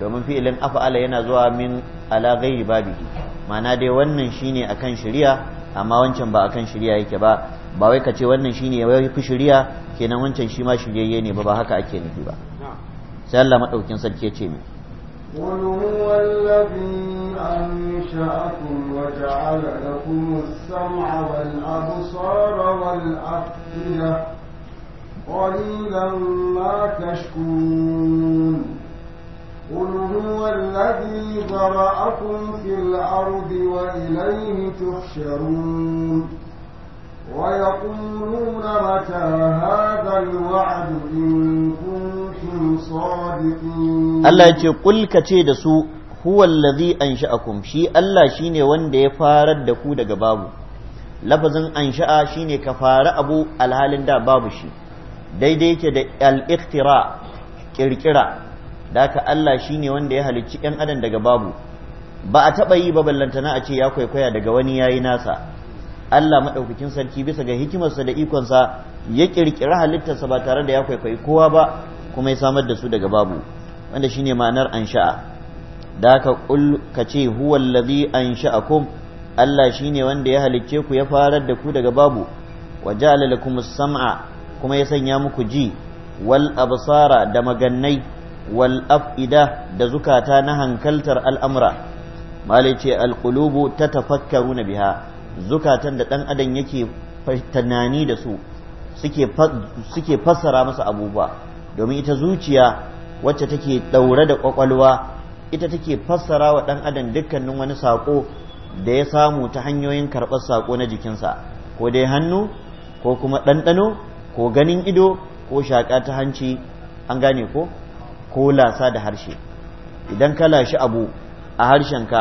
domin fi'ilin afa'ala yana zuwa min ala ghairi babihi ma'ana dai wannan shine akan shari'a amma wancan ba akan shari'a yake ba ba wai ka ce wannan shine wai fi shari'a kenan wancan shi ma shiryayye ne ba ba haka ake nufi ba sai Allah sarki ya ce mai قليلا ما تشكرون قل هو الذي ذرأكم في الأرض وإليه تحشرون ويقولون متى هذا الوعد إن كنتم صادقين ألا تقول كتيد سوء هو الذي أنشأكم شيء ألا شيني وان دي فارد دكو دك بابو lafazin ansha'a shine ka fara abu alhalin da babu shi daidai yake da al-ikhtira da aka Allah shi ne wanda ya halicci yan adam daga babu ba a taɓa yi ba ballantana a ce ya kwaikwaya daga wani ya yi nasa Allah maɗaukakin sarki bisa ga hikimarsa da ikonsa ya ƙirƙiri halittarsa ba tare da ya kwaikwayi kowa ba kuma ya samar da su daga babu wanda shi ne ma'anar ansha'a da haka ka ce huwa allazi ansha'akum Allah shi ne wanda ya halicce ku ya farar da ku daga babu wa ja'ala lakum sam'a kuma ya sanya muku ji wal absara da magannai wal af'ida da zukata na hankaltar al'amura malai ce tafakkaru na biha zukatan da dan adam yake tunani da su suke fassara masa abubuwa domin ita zuciya wacce take daure da kwakwalwa ita take fassara wa dan adam dukkanin wani sako da ya samu ta hanyoyin karɓar sako na jikinsa ko dai hannu ko kuma ɗanɗano ko ganin ido ko shaƙa ta hanci an gane ko ko lasa da harshe idan ka lashi abu a harshenka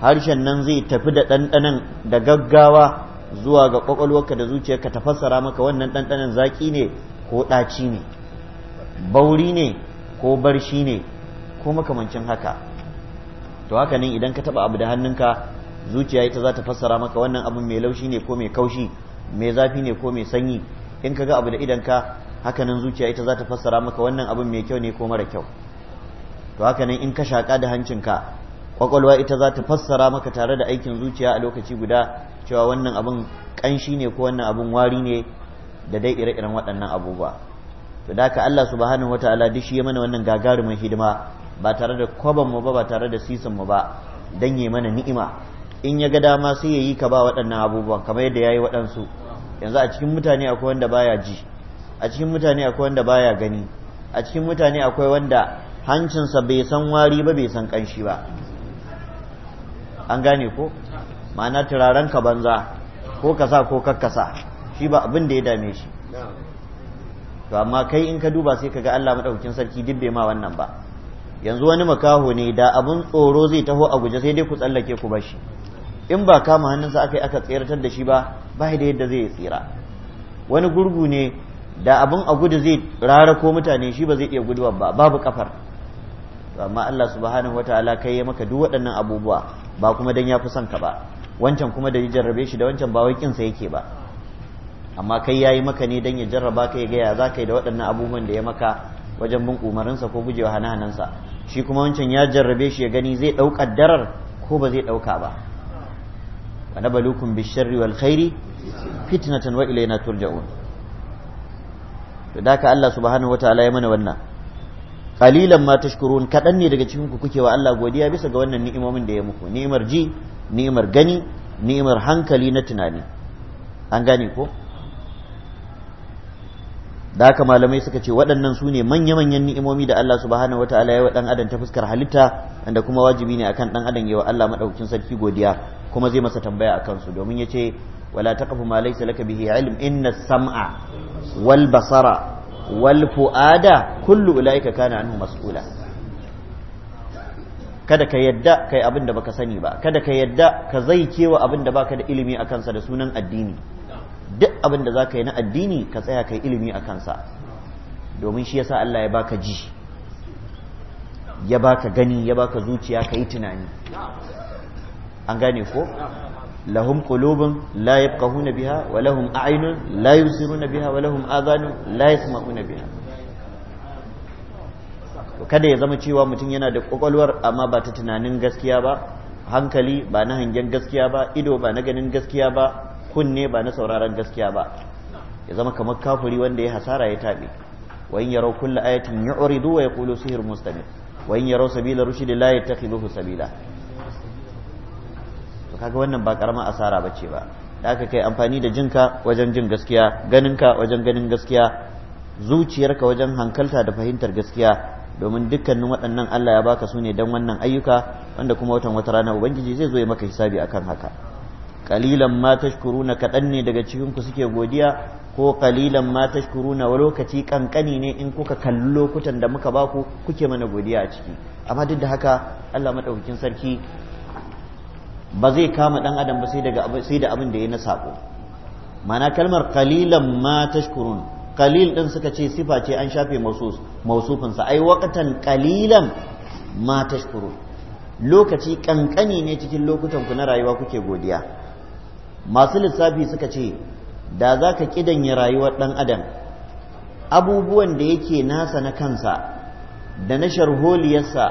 harshen nan zai tafi da ɗanɗanan da gaggawa zuwa ga ƙwaƙwalwarka da zuciyarka ta fassara maka wannan ɗanɗanan zaƙi ne ko ɗaci ne bauri ne ko barshi ne ko makamancin haka to haka nan idan ka taɓa abu da hannunka zuciya ita za ta fassara maka wannan abin mai laushi ne ko mai kaushi mai zafi ne ko mai sanyi in ka ga abu da idanka hakanan zuciya ita za ta fassara maka wannan abin mai kyau ne ko mara kyau to hakanan in ka shaka da hancinka kwakwalwa ita za ta fassara maka tare da aikin zuciya a lokaci guda cewa wannan abin kanshi ne ko wannan abin wari ne da dai ire-iren waɗannan abubuwa to da haka Allah subhanahu wata duk shi ya mana wannan gagarumin hidima ba tare da kwaban mu ba ba tare da sisin mu ba dan yi mana ni'ima in ya ga dama sai yayi ka ba waɗannan abubuwa kamar yadda ya yi waɗansu yanzu a cikin mutane akwai wanda baya ji a cikin mutane akwai wanda baya gani a cikin mutane akwai wanda hancinsa bai san wari ba bai san kanshi ba an gane ko ma'ana turaren ka banza ko kasa ko kakkasa shi ba abin da ya dame shi to amma kai in ka duba sai ka ga Allah madaukakin sarki duk bai ma wannan ba yanzu wani makaho ne da abun tsoro zai taho a guje sai dai ku tsallake ku bashi in ba kama hannunsa aka yi aka tseratar da shi ba ba da yadda zai tsira wani gurgu ne da abin a gudu zai rara ko mutane shi ba zai iya guduwa ba babu kafar amma Allah subhanahu wataala kai ya maka duk waɗannan abubuwa ba kuma dan ya fi son ka ba wancan kuma da ya jarrabe shi da wancan ba wai sa yake ba amma kai ya yi maka ne dan ya jarraba ka ya gaya ya zaka yi da waɗannan abubuwan da ya maka wajen bin umarinsa ko gujewa hana-hanansa shi kuma wancan ya jarrabe shi ya gani zai ɗauka darar ko ba zai ɗauka ba wa nabalukum bisharri wal khairi fitnatan wa ilayna turja'un to da ka Allah subhanahu wataala ya mana wannan qalilan ma tashkurun kadan ne daga cikin ku kuke wa Allah godiya bisa ga wannan ni'imomin da ya muku ni'imar ji ni'imar gani ni'imar hankali na tunani an gane ko da haka malamai suka ce waɗannan su ne manya-manyan ni'imomi da Allah subhanahu wataala ya wa ɗan adam ta fuskar halitta wanda kuma wajibi ne akan ɗan adam ya wa Allah maɗaukin sarki godiya kuma zai masa tambaya a kansu domin yace ولا تقف ما ليس لك به علم إن السمع والبصر والفؤاد كل أولئك كان عنه مسؤولا kada ka yadda kai abin da baka sani ba kada ka yadda ka zai kewa abin da baka da ilimi a kansa da sunan addini duk abin da ka yi na addini ka tsaya kai ilimi a kansa domin shi yasa Allah ya baka ji ya baka gani ya baka zuciya ka yi tunani an gane ko lahum قلوب لا yafqahuna بها ولهم أعين لا يبصرون بها ولهم آذان لا يسمعون بها kada ya zama cewa mutum yana da kwakwalwar amma ba ta tunanin gaskiya ba hankali ba na hangen gaskiya ba ido ba na ganin gaskiya ba kunne ba na sauraron gaskiya ba ya zama kamar kafuri wanda ya hasara ya taɓe wa in yarau kulla ayatin yu'ridu wa yaqulu sihr mustamir wa in yarau sabila rushdi la yattakhidhuhu sabila to kaga wannan ba karamar asara ba ce ba da aka kai amfani da jinka wajen jin gaskiya ganinka wajen ganin gaskiya zuciyarka wajen hankalta da fahimtar gaskiya domin dukkanin waɗannan Allah ya baka su ne don wannan ayyuka wanda kuma watan wata rana ubangiji zai zo ya maka hisabi akan haka qalilan ma tashkuruna kaɗan ne daga cikin ku suke godiya ko qalilan ma tashkuruna wa lokaci kankani ne in kuka kalli lokutan da muka baku kuke mana godiya a ciki amma duk da haka Allah madaukakin sarki ba zai kama dan adam ba sai daga sai da abin da ya na sako mana kalmar qalilan ma tashkurun qalil din suka ce sifa ce an shafe mausus mausufin sa ai waqatan qalilan ma tashkurun lokaci kankani ne cikin lokutan ku na rayuwa kuke godiya masu lissafi suka ce da za ka kidanya rayuwar dan adam abubuwan da yake nasa na kansa da na sharholiyarsa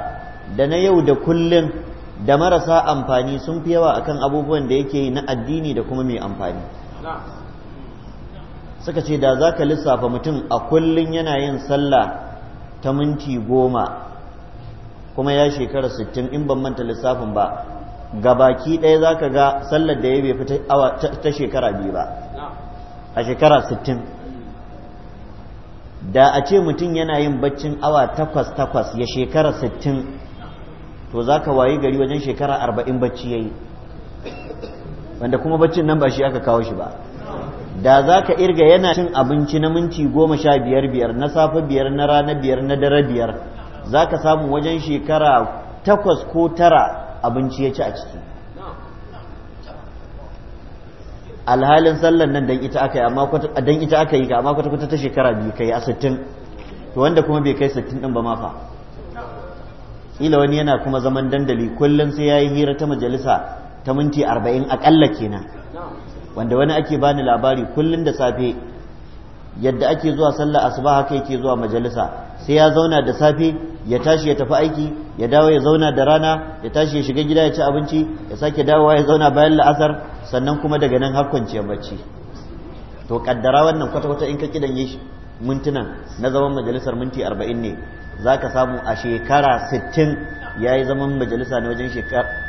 da na yau da kullun. da marasa amfani sun fi yawa akan abubuwan da yake yi na addini da kuma mai amfani suka ce da za ka lissafa mutum a kullum yana yin sallah ta minti goma kuma ya shekara sittin in ban manta lissafin ba ga baki ɗaya za ka ga sallar da ya bai fita ta shekara biyu ba a shekara sittin da a ce mutum yana yin baccin awa takwas takwas ya shekara sittin to za ka wayi gari wajen shekara arba'in bacci ya yi wanda kuma baccin nan ba shi aka kawo shi ba da za ka irga yana cin abinci na minti goma sha biyar biyar na safe biyar na rana biyar na dare biyar za ka samu wajen shekara takwas ko tara abinci ya ci a ciki alhalin sallan nan dan ita aka yi amma dan ita aka yi amma kwata kwata ta shekara biyu kai a sittin to wanda kuma bai kai sittin din ba ma fa kila wani yana kuma zaman dandali kullum sai ya yi hira ta majalisa ta minti arba'in akalla kenan wanda wani ake bani labari kullum da safe yadda ake zuwa sallar asuba haka yake zuwa majalisa sai ya zauna da safe ya tashi ya tafi aiki ya dawo ya zauna da rana ya tashi ya shiga gida ya ci abinci ya sake dawowa ya zauna bayan la'asar sannan kuma daga nan har kwanciya bacci to kaddara wannan kwata-kwata in ka kidan yi mintunan na zaman majalisar minti arba'in ne za ka samu a shekara 60 ya yi zaman majalisa ne wajen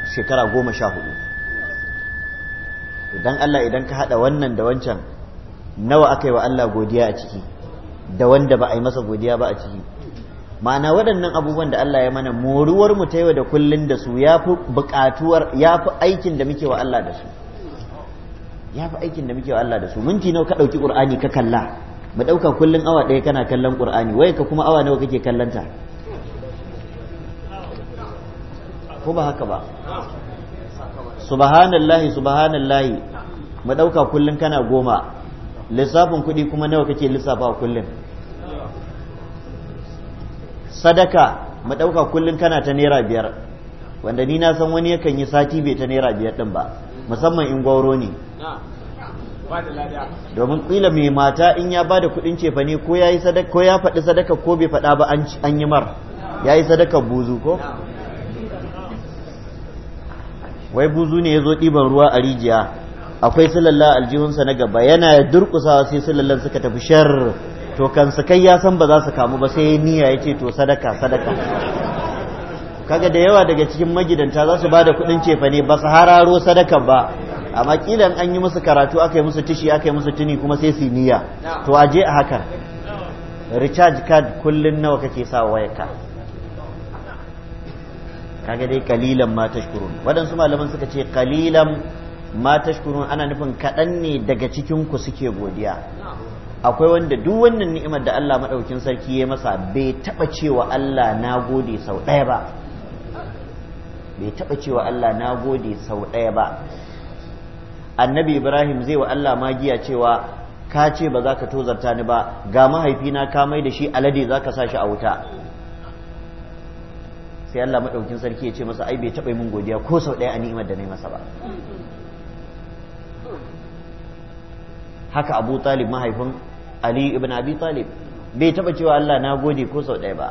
shekara 14 don Allah idan ka haɗa wannan da wancan nawa aka yi wa Allah godiya a ciki da wanda ba a yi masa godiya ba a ciki ma'ana waɗannan abubuwan da Allah ya mana moruwar mu ta yau da kullun da su ya fi buƙatuwar ya fi aikin da muke wa Allah da su ya fi aikin da muke wa Allah da su minti nawa ka ɗauki ƙur'ani ka kalla mu ɗauka kullum awa ɗaya kana kallon ƙur'ani wai ka kuma awa nawa kake kallonta ko ba haka ba subhanallahi subhanallahi mu ɗauka kullum kana goma lissafin kuɗi kuma nawa kake lissafa kullum sadaka mu ɗauka kullum kana ta naira biyar wanda ni na san wani yakan yi sati bai ta naira biyar ɗin ba musamman in gwauro ne domin kila mai mata in ya bada kuɗin cefane ko ya sadaka ko ya faɗi sadaka ko bai faɗa ba an yi mar ya yi sadaka buzu ko wai buzu ne ya zo ɗiban ruwa a rijiya akwai silalla aljihunsa na gaba yana durƙusawa sai silallan suka tafi shar to kan su kai ya san ba za su kamu ba sai niyya ya ce to sadaka sadaka kaga da yawa daga cikin magidanta za su ba da kuɗin cefane ba su hararo sadaka ba amma kilan an yi musu karatu aka yi musu tishi aka yi musu tuni kuma sai su niyya to a a hakan recharge card kullun nawa kake sa Ka kaga dai kalilan ma tashkurun waɗansu malaman suka ce kalilan ma tashkurun ana nufin kaɗan ne daga cikin ku suke godiya akwai wanda duk wannan ni'imar da Allah maɗaukin sarki ya masa bai taba cewa Allah na sau daya ba bai taɓa cewa Allah na gode sau ɗaya ba annabi ibrahim zai wa allah magiya cewa ka ce ba za ka tozarta ni ba ga mahaifina ka mai da shi alade za ka sa shi a wuta sai allah maɗaukin sarki ya ce masa ai bai taɓa min godiya ko sau ɗaya a ni'imar da na yi masa ba haka abu talib mahaifin ali ibn abi talib bai taɓa cewa allah na gode ko sau ɗaya ba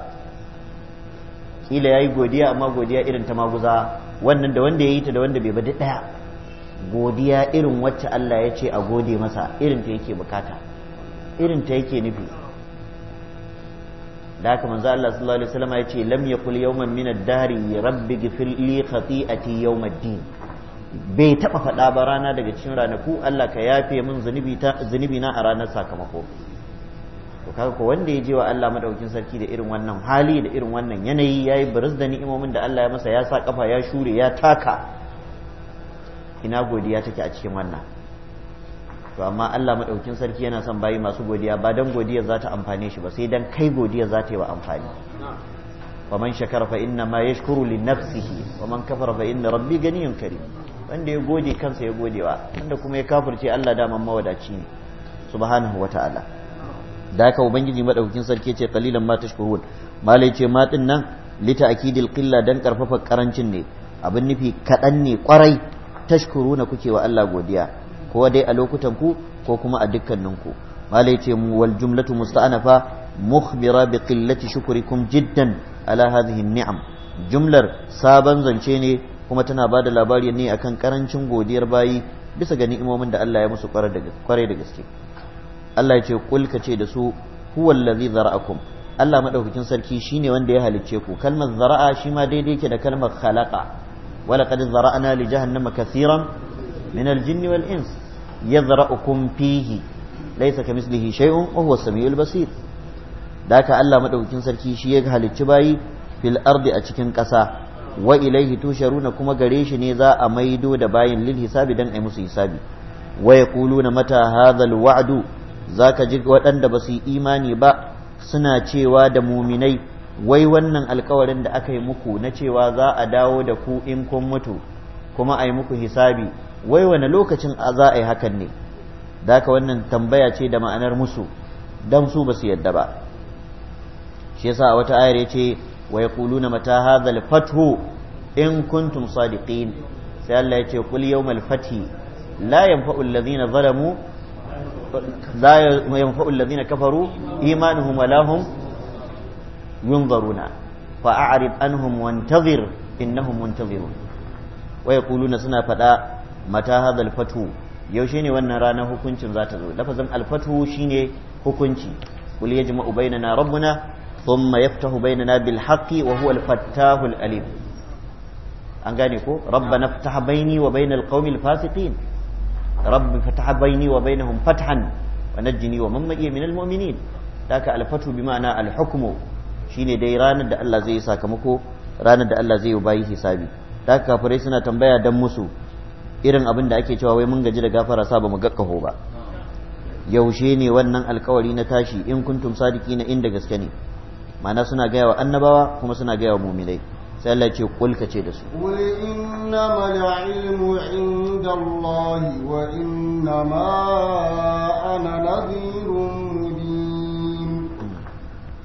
kila ya yi godiya amma godiya irin ta maguza wannan da wanda ya yi ta da wanda bai bada ɗaya godiya irin wacce Allah ya ce a gode masa irin ta yake bukata irin ta yake nufi da haka manzo Allah sallallahu alaihi wasallam ya ce lam yakul yawman min ad-dahri rabbi ghfir li khati'ati yawm ad-din bai taba faɗa ba rana daga cikin ranaku Allah ka yafe min zunubi ta zunubi na a ranar sakamako to kaga ko wanda ya je wa Allah madaukin sarki da irin wannan hali da irin wannan yanayi yayi buris da ni'imomin da Allah ya masa ya sa kafa ya shure ya taka ina godiya take a cikin wannan to amma Allah madaukin sarki yana son bayi masu godiya ba dan godiya za ta amfane shi ba sai dan kai godiya za ta yi wa amfani wa man shakara fa inna ma yashkuru li nafsihi wa man kafara fa inna rabbi ganiyun karim wanda ya gode kansa ya godewa wanda kuma ya kafirce Allah daman mawadaci ne subhanahu wataala da ka ubangiji maɗaukin sarki ce qalilan ma tashkurun malai ce ma din nan lita akidil qilla dan karfafa karancin ne abin nufi kaɗan ne kwarai tashkuruna kuke wa Allah godiya ko dai a lokutan ku ko kuma a dukkanin ku malai ce mu wal jumlatu musta'anafa mukhbira bi qillati shukrikum jiddan ala hadhihi ni'am jumlar sabon zance ne kuma tana ba da labari ne akan karancin godiyar bayi bisa ga ni'imomin da Allah ya musu kware da gaske Allah ya ce kul ka ce da su huwal zara'a zara'akum Allah madaukakin sarki shine wanda ya halicce ku kalmar zara'a shi ma daidai ke da kalmar khalaqa ولقد ذرأنا لجهنم كثيرا من الجن والإنس يذرأكم فيه ليس كمثله شيء وهو السميع البصير ذاك ألا مدوكين سركي شيء هالتباي في الأرض أتشكن كسا وإليه تشرون كما قريش نزاء ميدو دباين للحساب دن أي حسابي ويقولون متى هذا الوعد ذاك جد وأن بسي إيماني با سنا cewa da muminai wai wannan alkawarin da aka yi muku na cewa za a dawo da ku in kun mutu kuma a yi muku hisabi wai wani lokacin za a yi hakan ne da wannan tambaya ce da ma'anar musu don su ba su yadda ba shi yasa wata ayar ya ce wa na mata hadhal fathu in kuntum sadiqin sai Allah ya ce qul yawmal fathi la yanfa'u alladhina zalamu la yanfa'u alladhina kafaru imanuhum wa lahum yunzaruna fa a'rid anhum wantazir innahum waya wa yaquluna suna fada mata hadha al yaushe ne wannan ranar hukuncin za ta zo lafazin al-fatu shine hukunci qul yajma'u bainana rabbuna thumma yaftahu bainana bil haqqi wa huwa al-fattahu an gane ko rabbana iftah baini wa bainal qaumil fasiqin rabbi wa wa min daka bi ma'ana shine dai ranar da Allah zai yi sakamako ranar da Allah zai yi bayi hisabi da kafirai suna tambaya dan musu irin abin da ake cewa wai mun gaji da gafara sa ba mu gakkaho ba yaushe ne wannan alkawari na tashi in kuntum sadiki na inda gaske ne mana suna gaya wa annabawa kuma suna gaya wa muminai sai Allah ce kul ce da su qul innama ilmu inda Allah wa innama ana nadhirun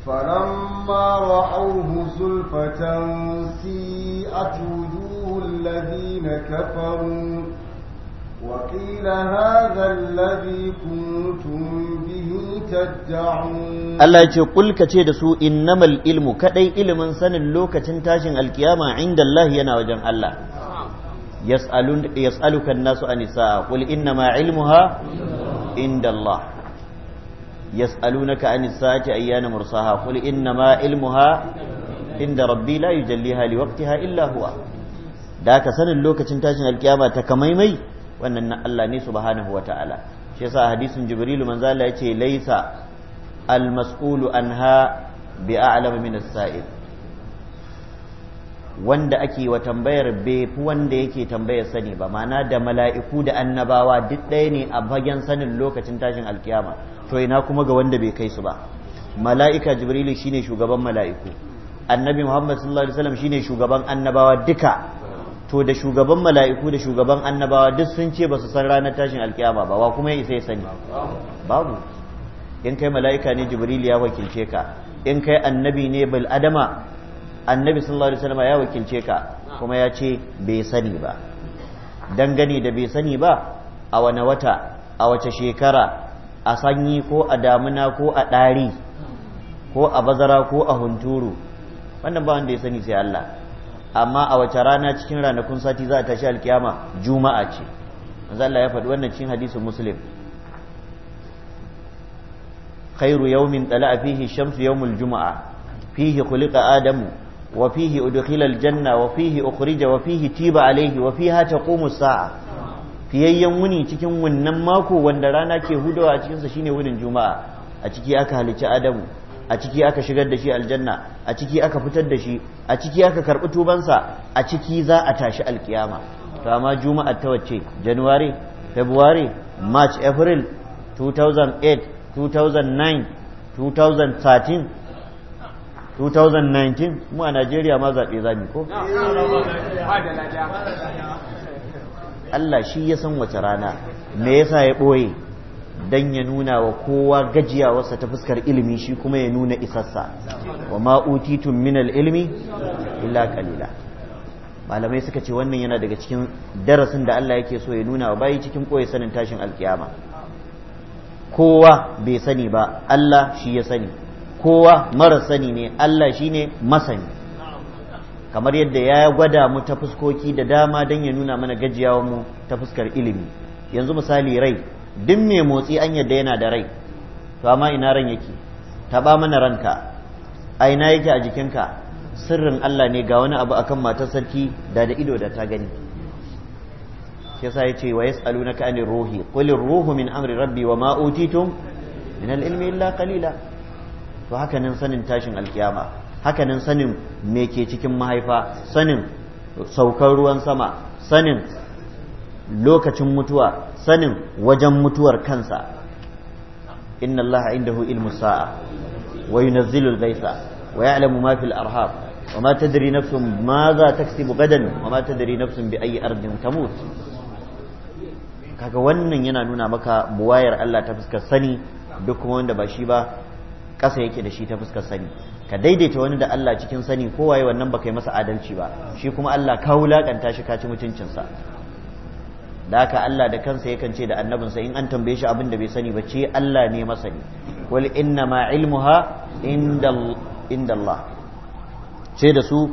فلما رأوه زلفة سيئت وجوه الذين كفروا وقيل هذا الذي كنتم به تدعون الله يقول قل كتير دسو إنما العلم كدي علم سن اللوكة تنتاشن القيامة عند الله ينا وجن الله يسألك الناس عن الساعة قل إنما علمها عند الله يسألونك عن الساعة أيان مرساها قل إنما علمها عند ربي لا يجليها لوقتها إلا هو ذاك سن اللوكة تاشن القيامة تكميمي وأن الله ني سبحانه وتعالى شيسا حديث جبريل من ذا ليس المسؤول عنها بأعلم من السائل wanda ake wa tambayar bai fi wanda yake tambayar sani ba ma'ana da mala'iku da annabawa duk ɗaya ne a fagen sanin lokacin tashin alkiyama to ina kuma ga wanda bai kai su ba mala'ika jibrilu shine shugaban mala'iku annabi muhammad sallallahu alaihi wasallam shine shugaban annabawa duka to da shugaban mala'iku da shugaban annabawa duk sun ce ba su san ranar tashin alkiyama ba wa kuma ya isa ya sani babu in kai mala'ika ne jibrilu ya wakilce ka in kai annabi ne bil adama annabi sallallahu alaihi wasallam ya wakilce ka kuma ya ce bai sani ba dangane da bai sani ba a wane wata a wace shekara a sanyi ko a damuna ko a ɗari ko a bazara ko a hunturu wannan ba wanda ya sani sai Allah amma a wace rana cikin ranakun sati za a tashi alkiyama juma'a ce manzo Allah ya faɗi wannan cikin hadisi muslim khairu yawmin tala'a fihi shamsu yawmul juma'a fihi khuliqa adamu وفيه أدخل الجنة وفيه أخرج وفيه تيب عليه وفيها تقوم الساعة fiyayyen wuni cikin wannan mako wanda rana ke hudawa a cikinsa shine wunin juma'a a ciki aka halicci adamu a ciki aka shigar da shi aljanna a ciki aka fitar da shi a ciki aka karɓi tubansa a ciki za a tashi alkiyama to amma juma'a ta wacce january february march april 2008 2009 2013 2019 mu a najeriya ma zaɓe zami ko Allah shi ya san wace rana me yasa ya ɓoye don ya nuna wa kowa gajiyawarsa ta fuskar ilimi shi kuma ya nuna isassa wa ma'utitun minal ilmi illa kalila malamai suka ce wannan yana daga cikin darasin da Allah yake so ya nuna wa bayi cikin koyi sanin tashin alkiyama kowa bai sani ba Allah shi ya sani kowa mara sani ne Allah shine masani kamar yadda ya gwada mu ta fuskoki da dama don ya nuna mana gajiyawa mu ta fuskar ilimi yanzu misali rai duk mai motsi an yadda yana da rai to amma ina ran yake taɓa mana ranka a ina yake a jikinka sirrin Allah ne ga wani abu akan matar sarki da da ido da ta gani shi yasa yace wa yas'alunaka anir ruhi qulir ruhu min amri rabbi wa ma utitum min al-ilmi illa qalila to hakanan sanin tashin alkiyama hakanan sanin me ke cikin mahaifa sanin saukar ruwan sama sanin lokacin mutuwa sanin wajen mutuwar kansa inna allaha indahu ilmu sa'a wa yunazzilu al-ghaitha wa ya'lamu ma fil arhab wa ma tadri nafsun madha taksibu gadan wa ma tadri nafsun bi ayyi ardin tamut kaga wannan yana nuna maka buwayar Allah ta fuskar sani duk wanda ba shi ba ƙasa yake da shi ta fuskar sani ka daidaita wani da Allah cikin sani ya wannan baka yi masa adalci ba shi kuma Allah ka wulakanta shi ka ci mutuncinsa da haka Allah da kansa yakan ce da annabinsa in an tambaye shi abin da bai sani ba ce Allah ne masani wal inna ma ilmuha inda Allah ce da su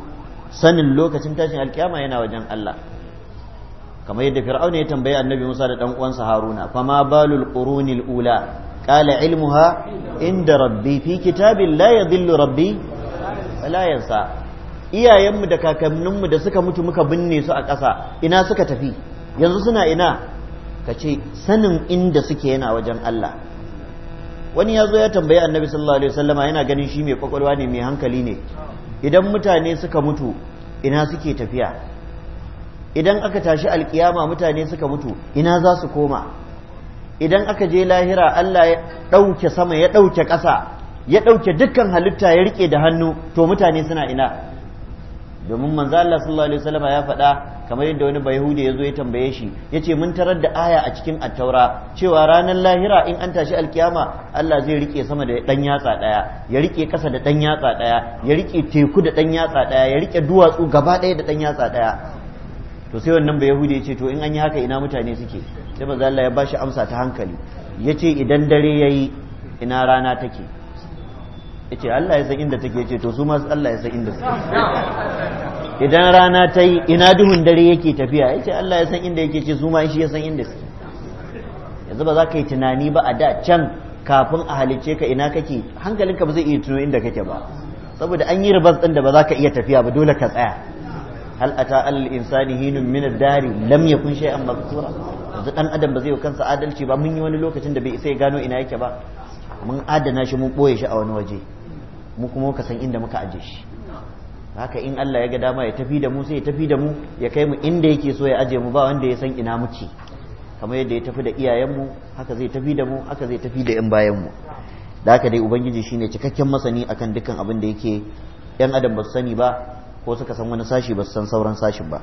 sanin lokacin tashin alkiyama yana wajen Allah kamar yadda fir'auna ya tambaye annabi Musa da dan uwansa Haruna fama balul qurunil ula qala ilmuha inda rabbi fi kitabin la yadhillu rabbi la yansa iyayenmu da kakanninmu da suka mutu muka binne su a ƙasa ina suka tafi yanzu suna ina ka ce sanin inda suke yana wajen Allah wani ya zo ya tambayi annabi sallallahu alaihi wasallama yana ganin shi mai kwakwalwa ne mai hankali ne idan mutane suka mutu ina suke tafiya idan aka tashi alkiyama mutane suka mutu ina za su koma idan aka je lahira Allah ya ɗauke sama ya ɗauke ƙasa ya ɗauke dukkan halitta ya riƙe da hannu to mutane suna ina domin manzo Allah sallallahu alaihi wasallam ya faɗa kamar yadda wani bayahudi ya zo ya tambaye shi ya ce mun tarar da aya a cikin attaura cewa ranar lahira in an tashi alkiyama Allah zai riƙe sama da ɗan yatsa ɗaya ya riƙe ƙasa da ɗan yatsa ɗaya ya riƙe teku da ɗan yatsa ɗaya ya riƙe duwatsu gaba ɗaya da ɗan yatsa ɗaya to sai wannan bayahudi ya ce to in an yi haka ina mutane suke sai manzo Allah ya ba shi amsa ta hankali ya ce idan dare ya yi ina rana take yace Allah ya san inda take ce to su ma Allah ya san inda suke idan rana ta yi ina duhun dare yake tafiya ya ce Allah ya san inda yake ce su ma shi ya san inda suke yanzu ba za ka yi tunani ba a da can kafin a halicce ka ina kake hankalinka ba zai iya tuno inda kake ba saboda an yi ribas din da ba za ka iya tafiya ba dole ka tsaya hal ata al insani hinun min ad-dari lam yakun shay'an mazkura yanzu dan adam ba zai yi kansa adalci ba mun yi wani lokacin da bai isa ya gano ina yake ba mun adana shi mun boye shi a wani waje mu kuma ka san inda muka aje shi haka in Allah ya ga dama ya tafi da mu sai ya tafi da mu ya kai mu inda yake so ya aje mu ba wanda ya san ina muke kamar yadda ya tafi da iyayenmu haka zai tafi da mu haka zai tafi da yan bayan mu da haka dai ubangiji shine cikakken masani akan dukkan abin da yake yan adam ba su sani ba ko suka san wani sashi ba su san sauran sashin ba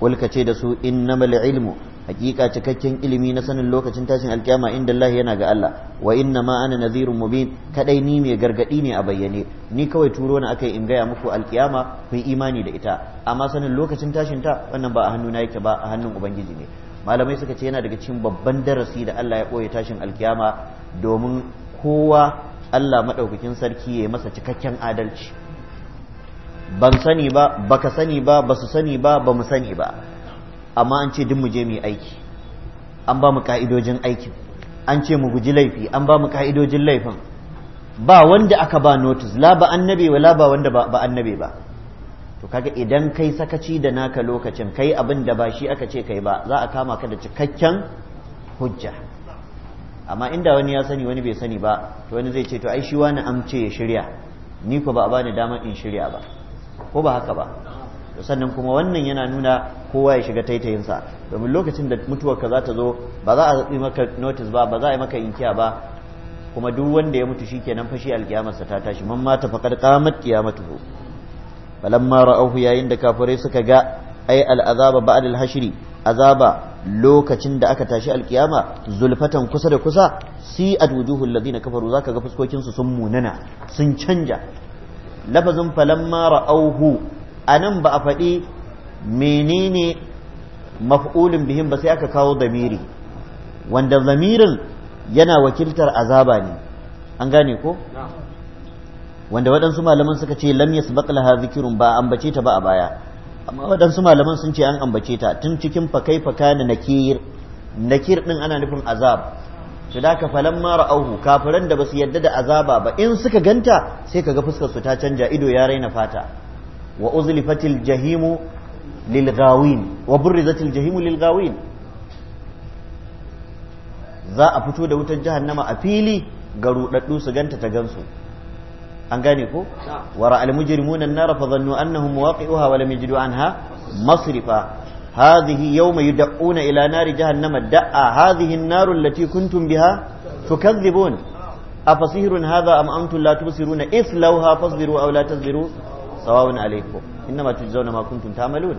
wulka ce da su innamal ilmu hakika cikakken ilimi na sanin lokacin tashin alkiyama inda Allah yana ga Allah wa inna ma ana nadhirun mubin kadai ni mai gargadi ne a bayyane ni kawai turo na akai in gaya muku alkiyama ku imani da ita amma sanin lokacin tashin ta wannan ba a hannuna yake ba a hannun ubangiji ne malamai suka ce yana daga cikin babban darasi da Allah ya koya tashin alkiyama domin kowa Allah madaukakin sarki ya masa cikakken adalci ban sani ba baka sani ba basu sani ba bamu sani ba amma an ce duk mu je mu yi aiki an ba mu ka'idojin aikin an ce mu guji laifi an ba mu ka'idojin laifin ba wanda aka ba notice la ba annabi wa ba wanda ba annabi ba to kaga idan kai sakaci da naka lokacin kai abin da ba shi aka ce kai ba za a kama ka da cikakken hujja amma inda wani ya sani wani bai sani ba to wani zai ce to ai shi wani an ce ya shirya ni ko ba a bani dama in shirya ba ko ba haka ba sannan kuma wannan yana nuna kowa ya shiga taitayinsa domin lokacin da mutuwarka za ta zo ba za a yi maka notice ba ba za a yi maka inkiya ba kuma duk wanda ya mutu nan fashi alkiyamarsa ta tashi man mata faqad qamat mara falamma ra'awhu yayin da kafirai suka ga ai al'azaba ba'd al azaba lokacin da aka tashi alkiyama zulfatan kusa da kusa si adwujuhul ladina kafaru zaka ga fuskokin su sun munana sun canja lafazin falamma ra'awhu a nan ba a faɗi menene maf'ulin bihin ba sai aka kawo zamiri wanda zamirin yana wakiltar azaba ne an gane ko wanda waɗansu malaman suka ce lam yasbaq laha zikirun ba ambace ta ba a baya amma waɗansu malaman sun ce an ambace ta tun cikin fakai faka na nakir nakir din ana nufin azab to da ka falan mara auhu kafiran da basu yadda da azaba ba in suka ganta sai kaga fuskar su ta canja ido ya raina fata وأزلفت الجهيم للغاوين وبرزت الجهيم للغاوين za a fito da wutar jahannama a fili ga rudaddu su ganta ta gansu an gane ko wa ra'al mujrimuna an nara fa dhannu annahum waqi'uha wa lam yajidu anha masrifa hadhihi yawma yud'una ila nari jahannama da'a hadhihi an-naru allati kuntum biha tukadhibun afasihrun hadha am antum la tubsiruna islawha fasbiru aw la tazbiru sawa'un alaikum zaune makuntun ma kuntum ne.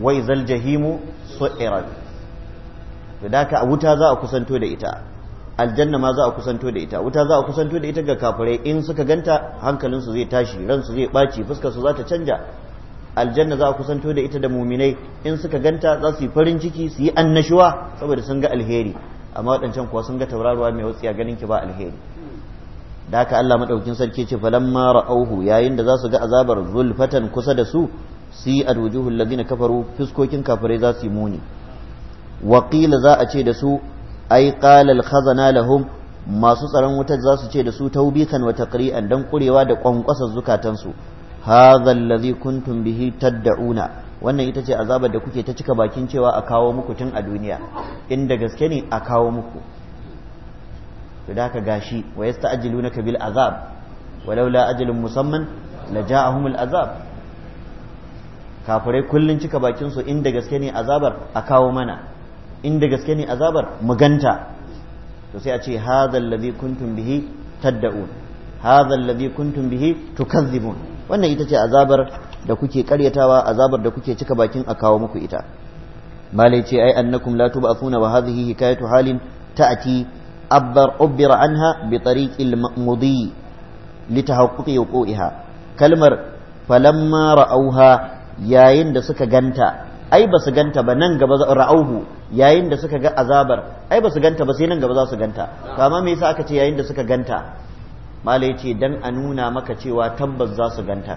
Wai izal jahimu so to da ka wuta za a kusanto da ita aljanna ma za a kusanto da ita wuta za a kusanto da ita ga kafirai in suka ganta hankalinsu zai tashi ransu zai ɓaci fuskarsu za ta canja aljanna za a kusanto da ita da muminai in suka ganta za su yi farin ciki su yi annashuwa saboda sun ga alheri amma waɗancan kuwa sun ga tauraruwa mai wutsiya ganin ki ba alheri da haka Allah madaukin sarki ce falamma ra'auhu yayin da za su ga azabar zulfatan kusa da su si adwujuhul ladina kafaru fiskokin kafirai za su yi muni wa qila za a ce da su ai qala al khazana lahum masu tsaron wutar za su ce da su taubikan wa taqri'an dan kurewa da kwankwasa zukatansu hadha allazi kuntum bihi tad'una wannan ita ce azabar da kuke ta cika bakin cewa a kawo muku tun a duniya in da gaske ne a kawo muku to da ka gashi wa yasta'jilunaka bil azab walaula ajalin musamman la ja'ahumul azab kafirai kullun cika bakin su inda gaske ne azabar a kawo mana inda gaske ne azabar mu ganta to sai a ce hadha allazi kuntum bihi tadda'un hadha allazi kuntum bihi tukazzibun wannan ita ce azabar da kuke karyatawa azabar da kuke cika bakin a kawo muku ita malai ce ai annakum la tub'athuna wa hadhihi hikayatu halin ta'ati أبر أبر عنها بطريق المضي لتحقق وقوعها كلمة فلما رأوها yayin da suka ganta ai ba su ganta ba nan gaba ra'auhu yayin da suka ga azabar ai ba su ganta ba sai nan gaba za su ganta to amma me yasa aka ce yayin da suka ganta malai ce dan a nuna maka cewa tabbas za su ganta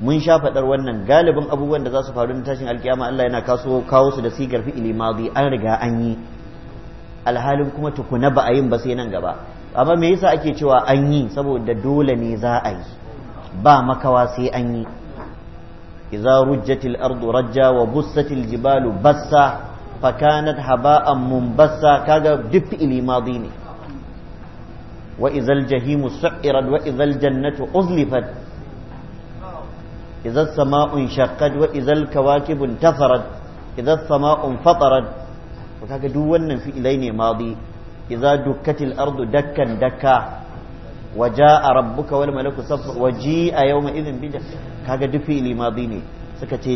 mun sha faɗar wannan galibin abubuwan da za su faru na tashin alkiyama Allah yana kaso kawo su da sigar fi'ili madi an riga an yi alhalin kuma tukuna ba a yin ba sai nan gaba amma me yasa ake cewa an yi saboda dole ne za a yi ba makawa sai an yi idza rujjatil ardu rajja wa bussatil jibalu bassa fakanat haba'an munbassa kaga duk fi'ili madi ne wa idzal jahimu su'irat wa idzal jannatu uzlifat idza sama'u shaqqat wa idzal kawakibu intafarat idza sama'u fatarat to kaga duk wannan fi'ilai ne madi idza dukkatil ardu dakkan dakka waja'a rabbuka wal malaku safa waji'a yawma idhin bi kaga duk fi'ili madi ne suka ce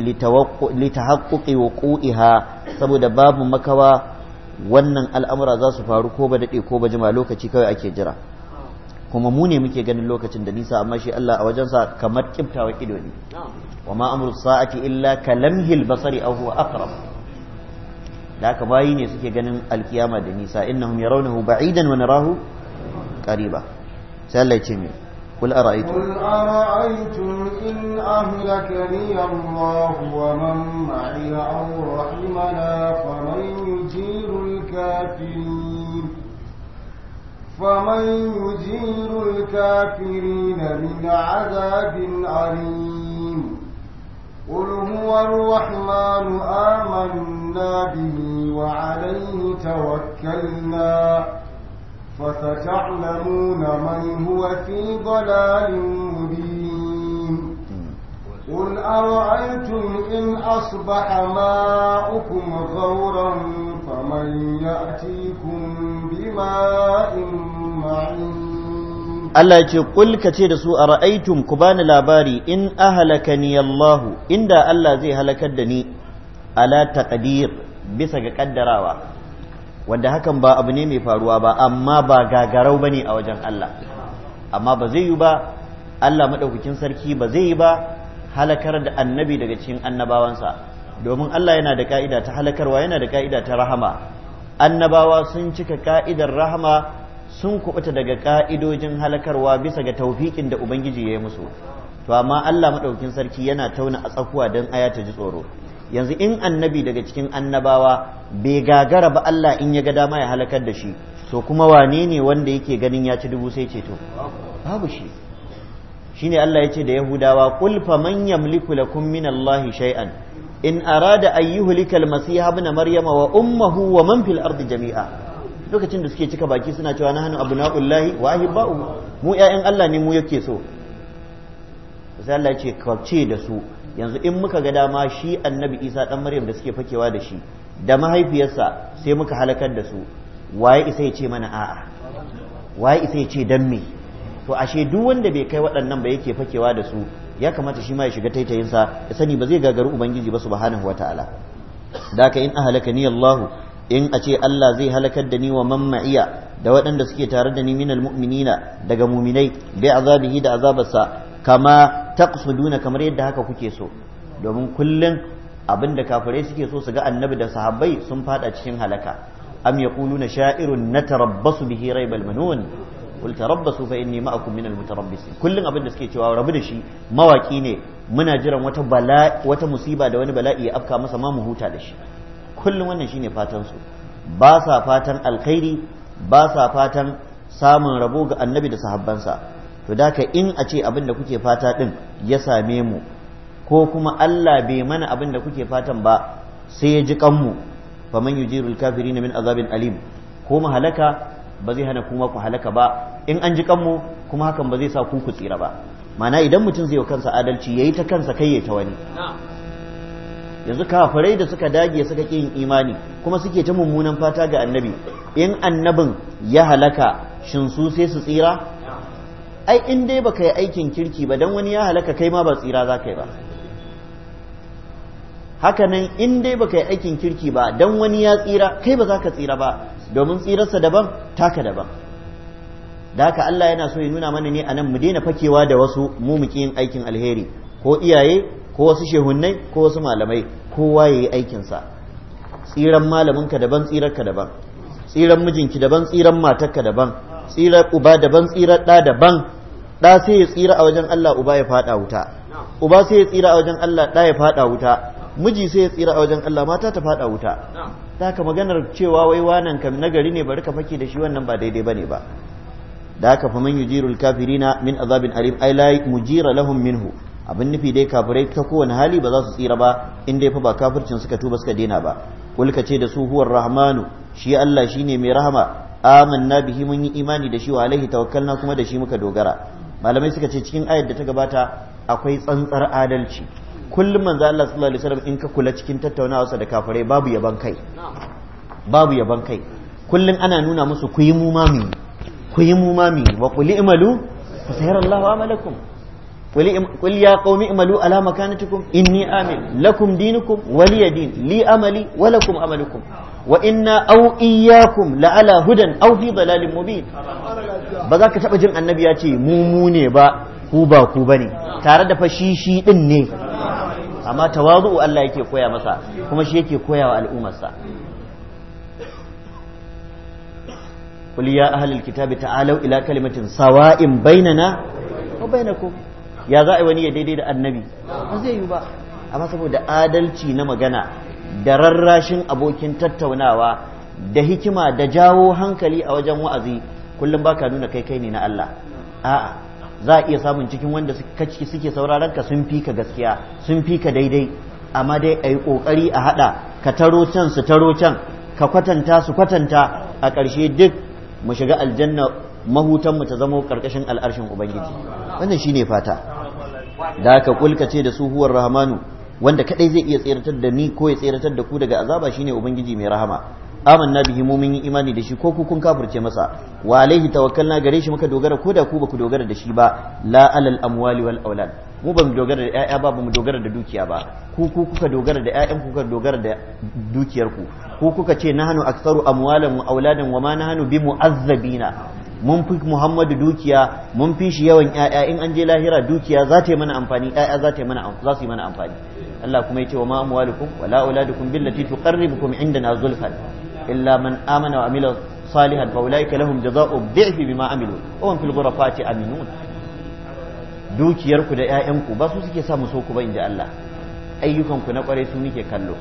litahaqquqi wuqu'iha saboda babu makawa wannan al'amura za su faru ko ba daɗe ko ba jima lokaci kawai ake jira kuma mu ne muke ganin lokacin da nisa amma shi Allah a wajensa kamar kibtawa ido ne wa ma amru sa'ati illa kalamhil basari aw huwa aqrab da aka bayi ne suke ganin alkiyama da nisa innahum yarawnahu ba'idan wa narahu qariba sai Allah ya ce mai قل أرأيتم قل أرأيتم إن أهلكني الله ومن معي أو رحمنا فمن يجير الكافرين فمن يجير الكافرين من عذاب أليم قل هو الرحمن آمنا به وعليه توكلنا فستعلمون من هو في ضلال مبين قل أرأيتم إن أصبح ماؤكم غورا فمن يأتيكم بماء معين Allah ce kul ka ce da su a ra'aitum ku bani labari in ahalaka ni Allah inda Allah zai halakar da ni ala taqdir bisa ga kaddarawa wanda hakan ba abu ne mai faruwa ba amma ba gagarau bane a wajen Allah amma ba zai yi ba Allah madaukakin sarki ba zai yi ba halakar da annabi daga cikin annabawansa domin Allah yana da ka'ida ta halakarwa yana da ka'ida ta rahama annabawa sun cika ka'idar rahama sun kubuta daga ka'idojin halakarwa bisa ga taufiƙin da ubangiji ya yi musu to amma Allah maɗaukin sarki yana tauna a tsakuwa don aya ta ji tsoro yanzu in annabi daga cikin annabawa bai gagara ba Allah in ya ga dama ya halakar da shi so kuma wane ne wanda yake ganin ya ci dubu sai ceto babu shi shine Allah ya ce da Yahudawa qul manyan yamliku lakum min Allahi shay'an in arada ayyuhu likal masiha ibn maryama wa ummuhu wa man fil ardi jami'a lokacin da suke cika baki suna cewa na hannu abu na'ullahi wa ba'u mu yayan Allah ne mu yake so sai Allah ce kwace da su yanzu in muka ga dama shi annabi Isa dan Maryam da suke fakewa da shi da mahaifiyarsa sai muka halakar da su waye isa ya ce mana a'a waye isa ya ce dan me to ashe duk wanda bai kai waɗannan ba yake fakewa da su ya kamata shi ma ya shiga taitayinsa ya sani ba zai gagaru ubangiji ba subhanahu wataala daka in halaka ni Allahu in a ce Allah zai halakar da ni wa man ma'iya da waɗanda suke tare da ni minal mu'minina daga muminai bai azabihi da azabarsa kama taqsuduna kamar yadda haka kuke so domin kullum abin da kafirai suke so su ga annabi da sahabbai sun fada cikin halaka am yaquluna sha'irun natarabbasu bihi raibal manun qul tarabbasu fa inni ma'akum minal mutarabbisin kullum abin da suke cewa rabu da shi mawaki ne muna jiran wata bala wata musiba da wani bala'i ya afka masa ma mu huta da shi kullum wannan shine fatan su ba sa fatan alkhairi ba sa fatan samun rabo ga annabi da sahabbansa to da in a ce abin da kuke fata din ya same mu ko kuma Allah bai mana abin da kuke fatan ba sai ya ji kanmu man yujirul kafirina min azabin alim ko mu halaka ba zai hana kuma ku halaka ba in an ji kanmu kuma hakan ba zai sa ku ku tsira ba ma'ana idan mutum zai yi kansa adalci yayi ta kansa kai ya ta wani yanzu kafirai da suka dage suka ƙi yin imani kuma suke ta mummunan fata ga annabi in annabin ya halaka shin su sai su tsira ai in dai baka yi aikin kirki ba dan wani ya halaka kai ma ba tsira za ka yi ba hakanan in dai baka yi aikin kirki ba dan wani ya tsira kai ba za ka tsira ba domin tsirarsa daban taka daban da haka Allah yana so ya nuna mana ne anan mu daina fakewa da wasu mu muke yin aikin alheri ko iyaye ko wasu shehunnai ko wasu malamai kowa yi aikinsa tsiran malaminka daban tsirarka daban tsiran mijinki daban tsiran matarka daban tsirar uba daban tsirar ɗa daban ɗa sai ya tsira a wajen Allah uba ya faɗa wuta uba sai ya tsira a wajen Allah ɗa ya faɗa wuta miji sai ya tsira a wajen Allah mata ta faɗa wuta da ka maganar cewa wai wanan kam nagari ne bari ka fake da shi wannan ba daidai bane ba da haka fa man yujirul kafirina min azabin alim ay la mujira lahum minhu abin nufi dai kafirai ta kowane hali ba za su tsira ba in dai fa ba kafircin suka tuba suka daina ba kul ce da su huwar rahmanu shi Allah ne mai rahama amanna bihi mun yi imani da shi wa alaihi tawakkalna kuma da shi muka dogara malamai suka ce cikin ayar da ta gabata akwai tsantsar adalci kullum manzo Allah sallallahu alaihi wasallam in ka kula cikin tattaunawarsa da kafirai babu yaban kai babu yaban kai kullum ana nuna musu ku yi mu ku yi mu mami wa qul i'malu fa Allahu amalakum قل يا قوم اعملوا على مكانتكم إني آمن لكم دينكم ولي دين لي أملي ولكم أملكم وإنا أو إياكم لعلى هدى أو في ضلال مبين بذاك تبقى جمع النبي ياتي موموني با كوبا كوباني تارد فشيشي إني أما تواضع الله يكي كويا مسا كما شي يكي كويا والأمة قل يا أهل الكتاب تعالوا إلى كلمة سواء بيننا وبينكم ya za a yi wani ya daidai da annabi ba zai yi ba amma saboda adalci na magana da rarrashin abokin tattaunawa da hikima da jawo hankali a wajen wa'azi kullum baka nuna kai kai ne na Allah a'a za a iya samun cikin wanda suke sauraron ka sun fi ka gaskiya sun fi ka daidai amma dai a yi ƙoƙari a haɗa ka taro can su taro can ka kwatanta su kwatanta a ƙarshe duk mu shiga aljanna mu ta zamo ƙarƙashin al'arshin ubangiji wannan shine fata da ka kulka ce da suhuwar huwar rahmanu wanda kadai zai iya tseratar da ni ko ya tseratar da ku daga azaba shine ubangiji mai rahama amanna bihi mu mun yi imani da shi ko ku kun kafirce masa wa alaihi tawakkalna gare shi muka dogara ko da ku baku dogara da shi ba la alal amwali wal aulad mu bamu dogara da ƴaƴa ba mu dogara da dukiya ba ku ku kuka dogara da ƴaƴan kuka dogara da dukiyar ku ku kuka ce nahnu aktsaru amwalan wa auladan wa ma nahnu bi mu'azzabina mun fi Muhammadu dukiya mun fi shi yawan ƴaƴa in an je lahira dukiya za ta yi mana amfani ƴaƴa za ta yi mana za su yi mana amfani Allah kuma yace wa ma amwalukum wala auladukum billati tuqarribukum indana zulfan illa man amana wa amila salihan fa ulaika lahum jazaa'u bi'fi bima amilu wa hum fil ghurafati aminun dukiyarku da ku ba su suke sa mu so ku ba inda Allah ayyukanku na kware su muke kallo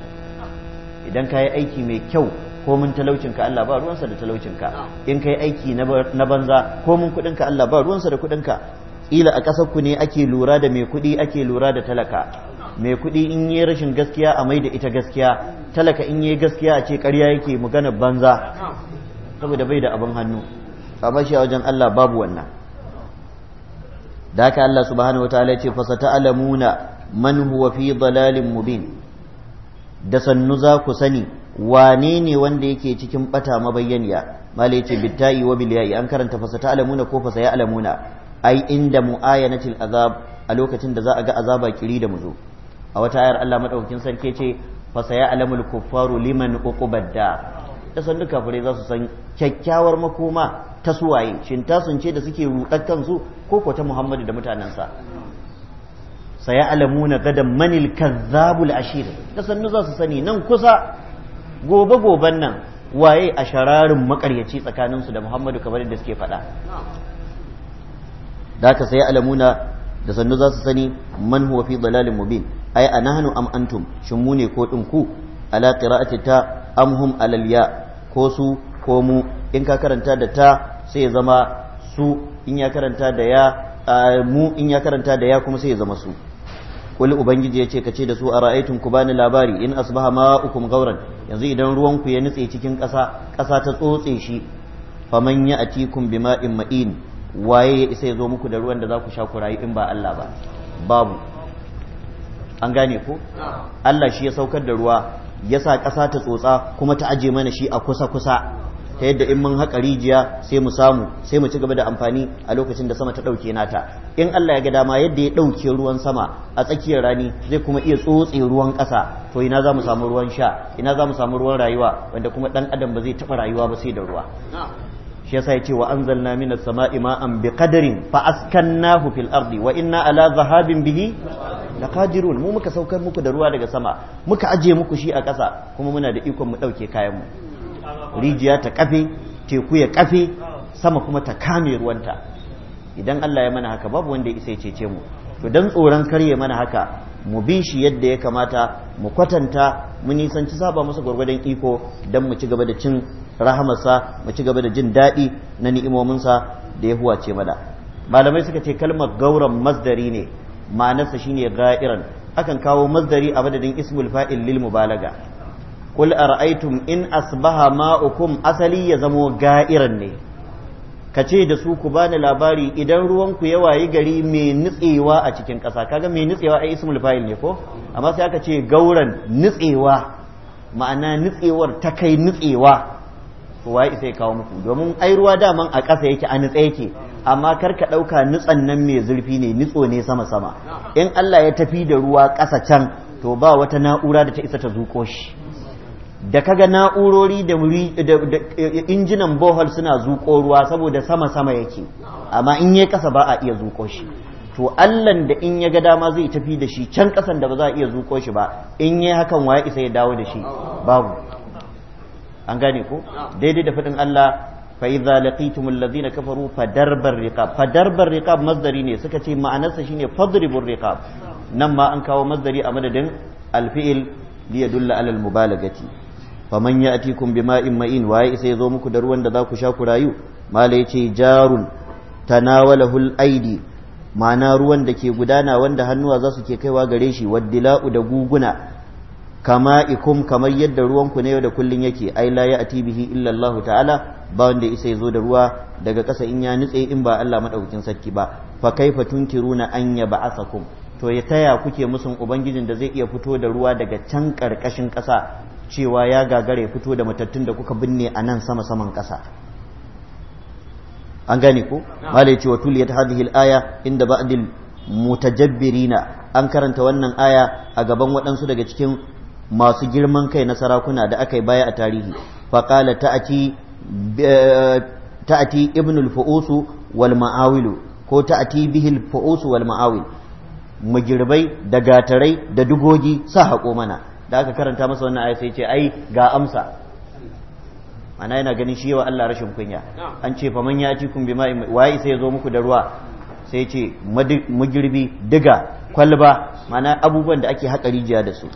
idan ka yi aiki mai kyau ko mun talaucin ka Allah ba ruwansa da talaucin ka in kai aiki na banza ko mun kuɗin ka Allah ba ruwansa da kuɗin ka ila a ƙasar ku ne ake lura da mai kuɗi ake lura da talaka mai kuɗi in yi rashin gaskiya a mai da ita gaskiya talaka in yi gaskiya a ce ƙarya yake magana banza saboda bai da abin hannu amma shi a wajen Allah babu wannan da haka Allah subhanahu wataala ya ce fasata'lamuna man huwa fi dalalin mubin da sannu za ku sani wane ne wanda yake cikin bata mabayyaniya malai ce bitta'i wa bilya'i an karanta fasa ta alamuna ko fasa ya alamuna ai inda mu'ayanatil azab a lokacin da za a ga azaba kiri da muzo a wata ayar Allah madaukakin sarki ce fasa ya alamul kuffaru liman uqubadda da san duka fure za su san kyakkyawar makoma ta suwaye shin ta ce da suke rudar kansu ko ko Muhammadu da mutanansa saya alamuna gadan manil kazzabul ashir da sannu za su sani nan kusa gobe goben nan waye a shararin makaryaci tsakaninsu da muhammadu kamar da suke faɗa da ka sai alamuna da sannu za su sani man huwa fi dalalin mubin ai a nahanu am antum shin mu ne ko din ku ala qira'ati ta am hum alal ya ko su ko mu in ka karanta da ta sai ya zama su in ya karanta da ya mu in ya karanta da ya kuma sai ya zama su kulli ubangiji ya ce ka ce da su ara'aytum ku bani labari in asbaha ma'ukum gauran yanzu idan ruwanku ya nutse cikin ƙasa ƙasa ta tsotse shi faman ya atikum bima'in ma'in waye ya isa ya zo muku da ruwan da za ku sha ku rayu in ba Allah ba babu an gane ko Allah shi ya saukar da ruwa ya sa ƙasa ta tsotsa kuma ta aje mana shi a kusa kusa ta yadda in mun haƙa rijiya sai mu samu sai mu ci gaba da amfani a lokacin da sama ta ɗauke nata in Allah ya ga dama yadda ya ɗauke ruwan sama a tsakiyar rani zai kuma iya tsotse ruwan ƙasa to ina za mu samu ruwan sha ina za mu samu ruwan rayuwa wanda kuma ɗan adam ba zai taɓa rayuwa ba sai da ruwa shi yasa ce wa anzalna minas sama'i ma'an qadarin fa askannahu fil ardi wa inna ala zahabin bihi laqadirun mu muka saukar muku da ruwa daga sama muka aje muku shi a ƙasa kuma muna da ikon mu ɗauke kayan mu rijiya ta kafe teku ya kafe sama kuma ta kame ruwanta idan Allah ya mana haka babu wanda ya isa ya cece mu to dan tsoron karye mana haka mu bi shi yadda ya kamata mu kwatanta mu nisanci saba masa gwargwadon iko dan mu ci gaba da cin rahamarsa mu ci gaba da jin daɗi na ni'imominsa da ya huwace mada malamai suka ce kalmar gauran masdari ne ma'anarsa shine ga'iran akan kawo masdari a madadin ismul fa'il lil mubalaga qul ara'aytum in asbaha ma'ukum asali ya zamo ga'iran ne ka da su ku bani labari idan ruwanku ya wayi gari mai nutsewa a cikin ƙasa kaga mai nutsewa ai ismul fa'il ne ko amma sai aka ce gauran nutsewa ma'ana nutsewar ta kai nutsewa wai sai kawo muku domin ai ruwa daman a ƙasa yake a nutse yake amma kar ka ɗauka nutsan nan mai zurfi ne nutso ne sama sama in Allah ya tafi da ruwa ƙasa can to ba wata na'ura da ta isa ta zuƙo shi da kaga na'urori da eh, injinan bohol suna zuƙo ruwa saboda sama-sama yake amma in ya kasa ba a iya zuƙo shi to allan da in ya ga dama zai tafi da shi can ƙasan da ba za a iya zuƙo shi ba in ya hakan wa isa ya dawo da shi babu an gane ko daidai da faɗin allah fa'iza laqitumul ladina kafaru fadarbar riqab darbar riqab masdari ne suka ce ma'anarsa shine fadribur riqab nan ma an kawo masdari a madadin alfi'il liyadulla alal mubalagati faman ya'tikum bima'in ma'in waye sai zo muku da ruwan da za ku sha ku rayu mala yace jarun tanawalahul aidi ma'ana ruwan da ke gudana wanda hannuwa za su ke kaiwa gare shi waddila'u da guguna kama ikum kamar yadda ruwanku na yau da kullun yake ai la ati bihi illa Allah ta'ala ba wanda isa zo da ruwa daga ƙasa in ya nutse in ba Allah madaukakin sarki ba fa kaifa tunkiruna an ba'asakum to ya taya kuke musun ubangijin da zai iya fito da ruwa daga can karkashin ƙasa cewa ya gagare fito da matattun da kuka binne a nan sama saman ƙasa an gane ko malai cewa tuliyat ta aya inda ba'dil mutajabbirina an karanta wannan aya a gaban waɗansu daga cikin masu girman kai na sarakuna da aka yi baya a tarihi faqala ta'ati eh, fu'usu wal ma'awilu ko ta'ati bihil fu'usu wal ma'awil magirbai da gatarai da dugogi sa haƙo mana da aka karanta masa wannan aya sai ce ai ga amsa ana yana ganin shi wa Allah rashin kunya an ce fa man kun bima wai sai ya zo muku da ruwa sai ce magirbi diga kwalba mana abubuwan da ake haƙa rijiya da su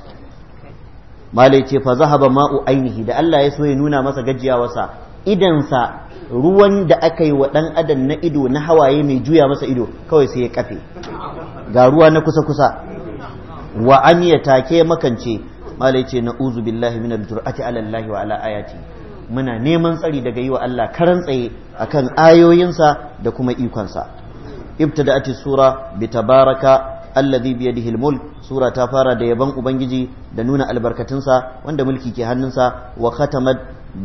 malai ce fa zahaba ma'u ainihi da Allah ya so ya nuna masa gajiyawarsa idansa ruwan da aka yi wa ɗan adam na ido na hawaye mai juya masa ido kawai sai ya kafe ga ruwa na kusa-kusa wa amiyata ke makance malai ce na uzu billahi min al-jur'ati ala Allah wa ala ayati muna neman tsari daga yi wa Allah karan tsaye akan ayoyinsa da kuma ikonsa ibtada'ati sura bi tabaraka alladhi bi yadihi al sura ta fara da yaban ubangiji da nuna albarkatunsa wanda mulki ke hannunsa wa khatamat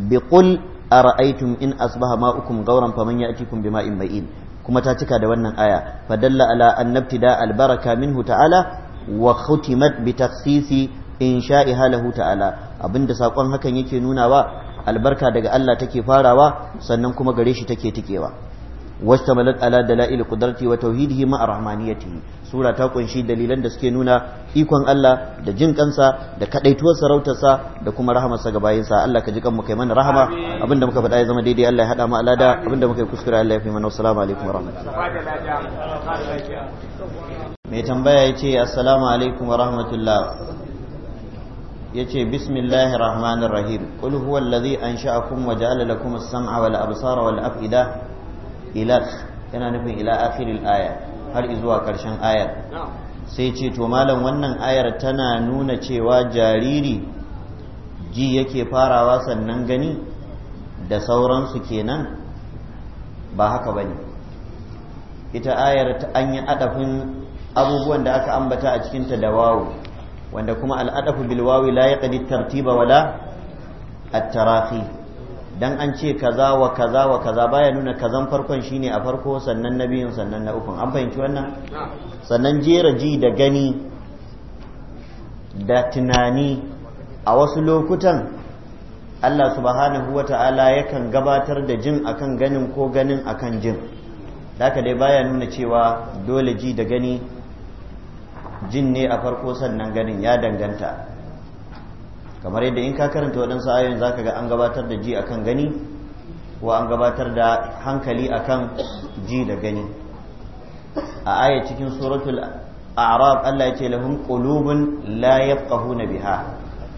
bi qul ara'aytum in asbaha ma'ukum gauran faman ya'tikum bima'in ma'in kuma ta cika da wannan aya fadalla ala annabtida albaraka minhu ta'ala wa khutimat bi takhsisi in sha'iha lahu ta'ala abinda sakon hakan yake nuna nunawa albarka daga Allah take farawa sannan kuma gare shi take tikewa wastamalat ala dalail qudrati wa tauhidihi ma rahmaniyatihi sura ta ƙunshi dalilan da suke nuna ikon Allah da jin kansa da kadaituwar sarautarsa da kuma rahamarsa ga bayinsa Allah ka ji kan kai mana rahama abinda muka faɗa ya zama daidai Allah ya hada mu alada abinda muka yi kuskure Allah ya fi mana assalamu alaikum wa rahmatullahi mai tambaya ya ce assalamu alaikum wa rahmatullah yace bismillahir rahmanir rahim qul huwal ladhi ansha'akum wa ja'ala lakum as-sam'a wal absara wal af'ida ila yana nufin ila akhiril aya har zuwa karshen ayar sai ce to malam wannan ayar tana nuna cewa jariri ji yake farawa sannan gani da sauransu kenan ba haka bane ita ayar an yi adafin abubuwan da aka ambata a cikinta da wawo wanda kuma al'adafu bilwawi la yaqdi tartiba wala at-tarafi dan an ce kaza wa kaza wa kaza baya nuna kazan farkon shine a farko sannan na biyun sannan na ukun an fahimci wannan sannan jera ji da gani da tunani a wasu lokutan Allah subhanahu wa ta'ala yakan gabatar da jin akan ganin ko ganin akan jin haka dai baya nuna cewa dole ji da gani jin ne a farko sannan ganin ya danganta kamar yadda in ka karanta waɗansu ayoyin za ka ga an gabatar da ji akan gani ko an gabatar da hankali akan ji da gani a aya cikin suratul a'raf Allah ya ce lahum qulubun la yafqahuna biha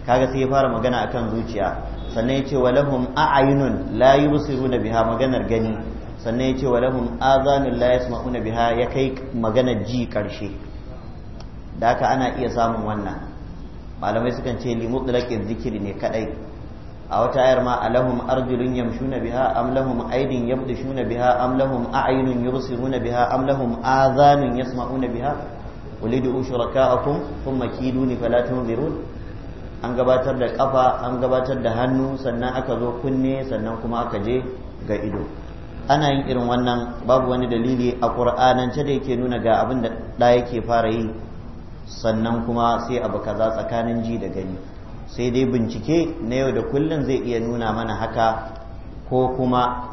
kaga sai ya fara magana akan zuciya sannan ya ce wa a'ayunun la yubsiruna biha maganar gani sannan ya ce wa azanun la yasma'una biha ya kai maganar ji karshe da haka ana iya samun wannan malamai sukan ce li zikiri ne kadai a wata ayar ma alahum arjulun yamshuna biha am lahum aydin yabdushuna biha am lahum a'yunun yubsiruna biha am lahum adhanun yasma'una biha qul shuraka'akum thumma kiduni fala tunzirun an gabatar da kafa an gabatar da hannu sannan aka zo kunne sannan kuma aka je ga ido ana yin irin wannan babu wani dalili a ƙur'anance da yake nuna ga abin da ɗa yake fara yi sannan kuma sai abu kaza tsakanin ji da gani sai dai bincike na yau da kullum zai iya nuna mana haka ko kuma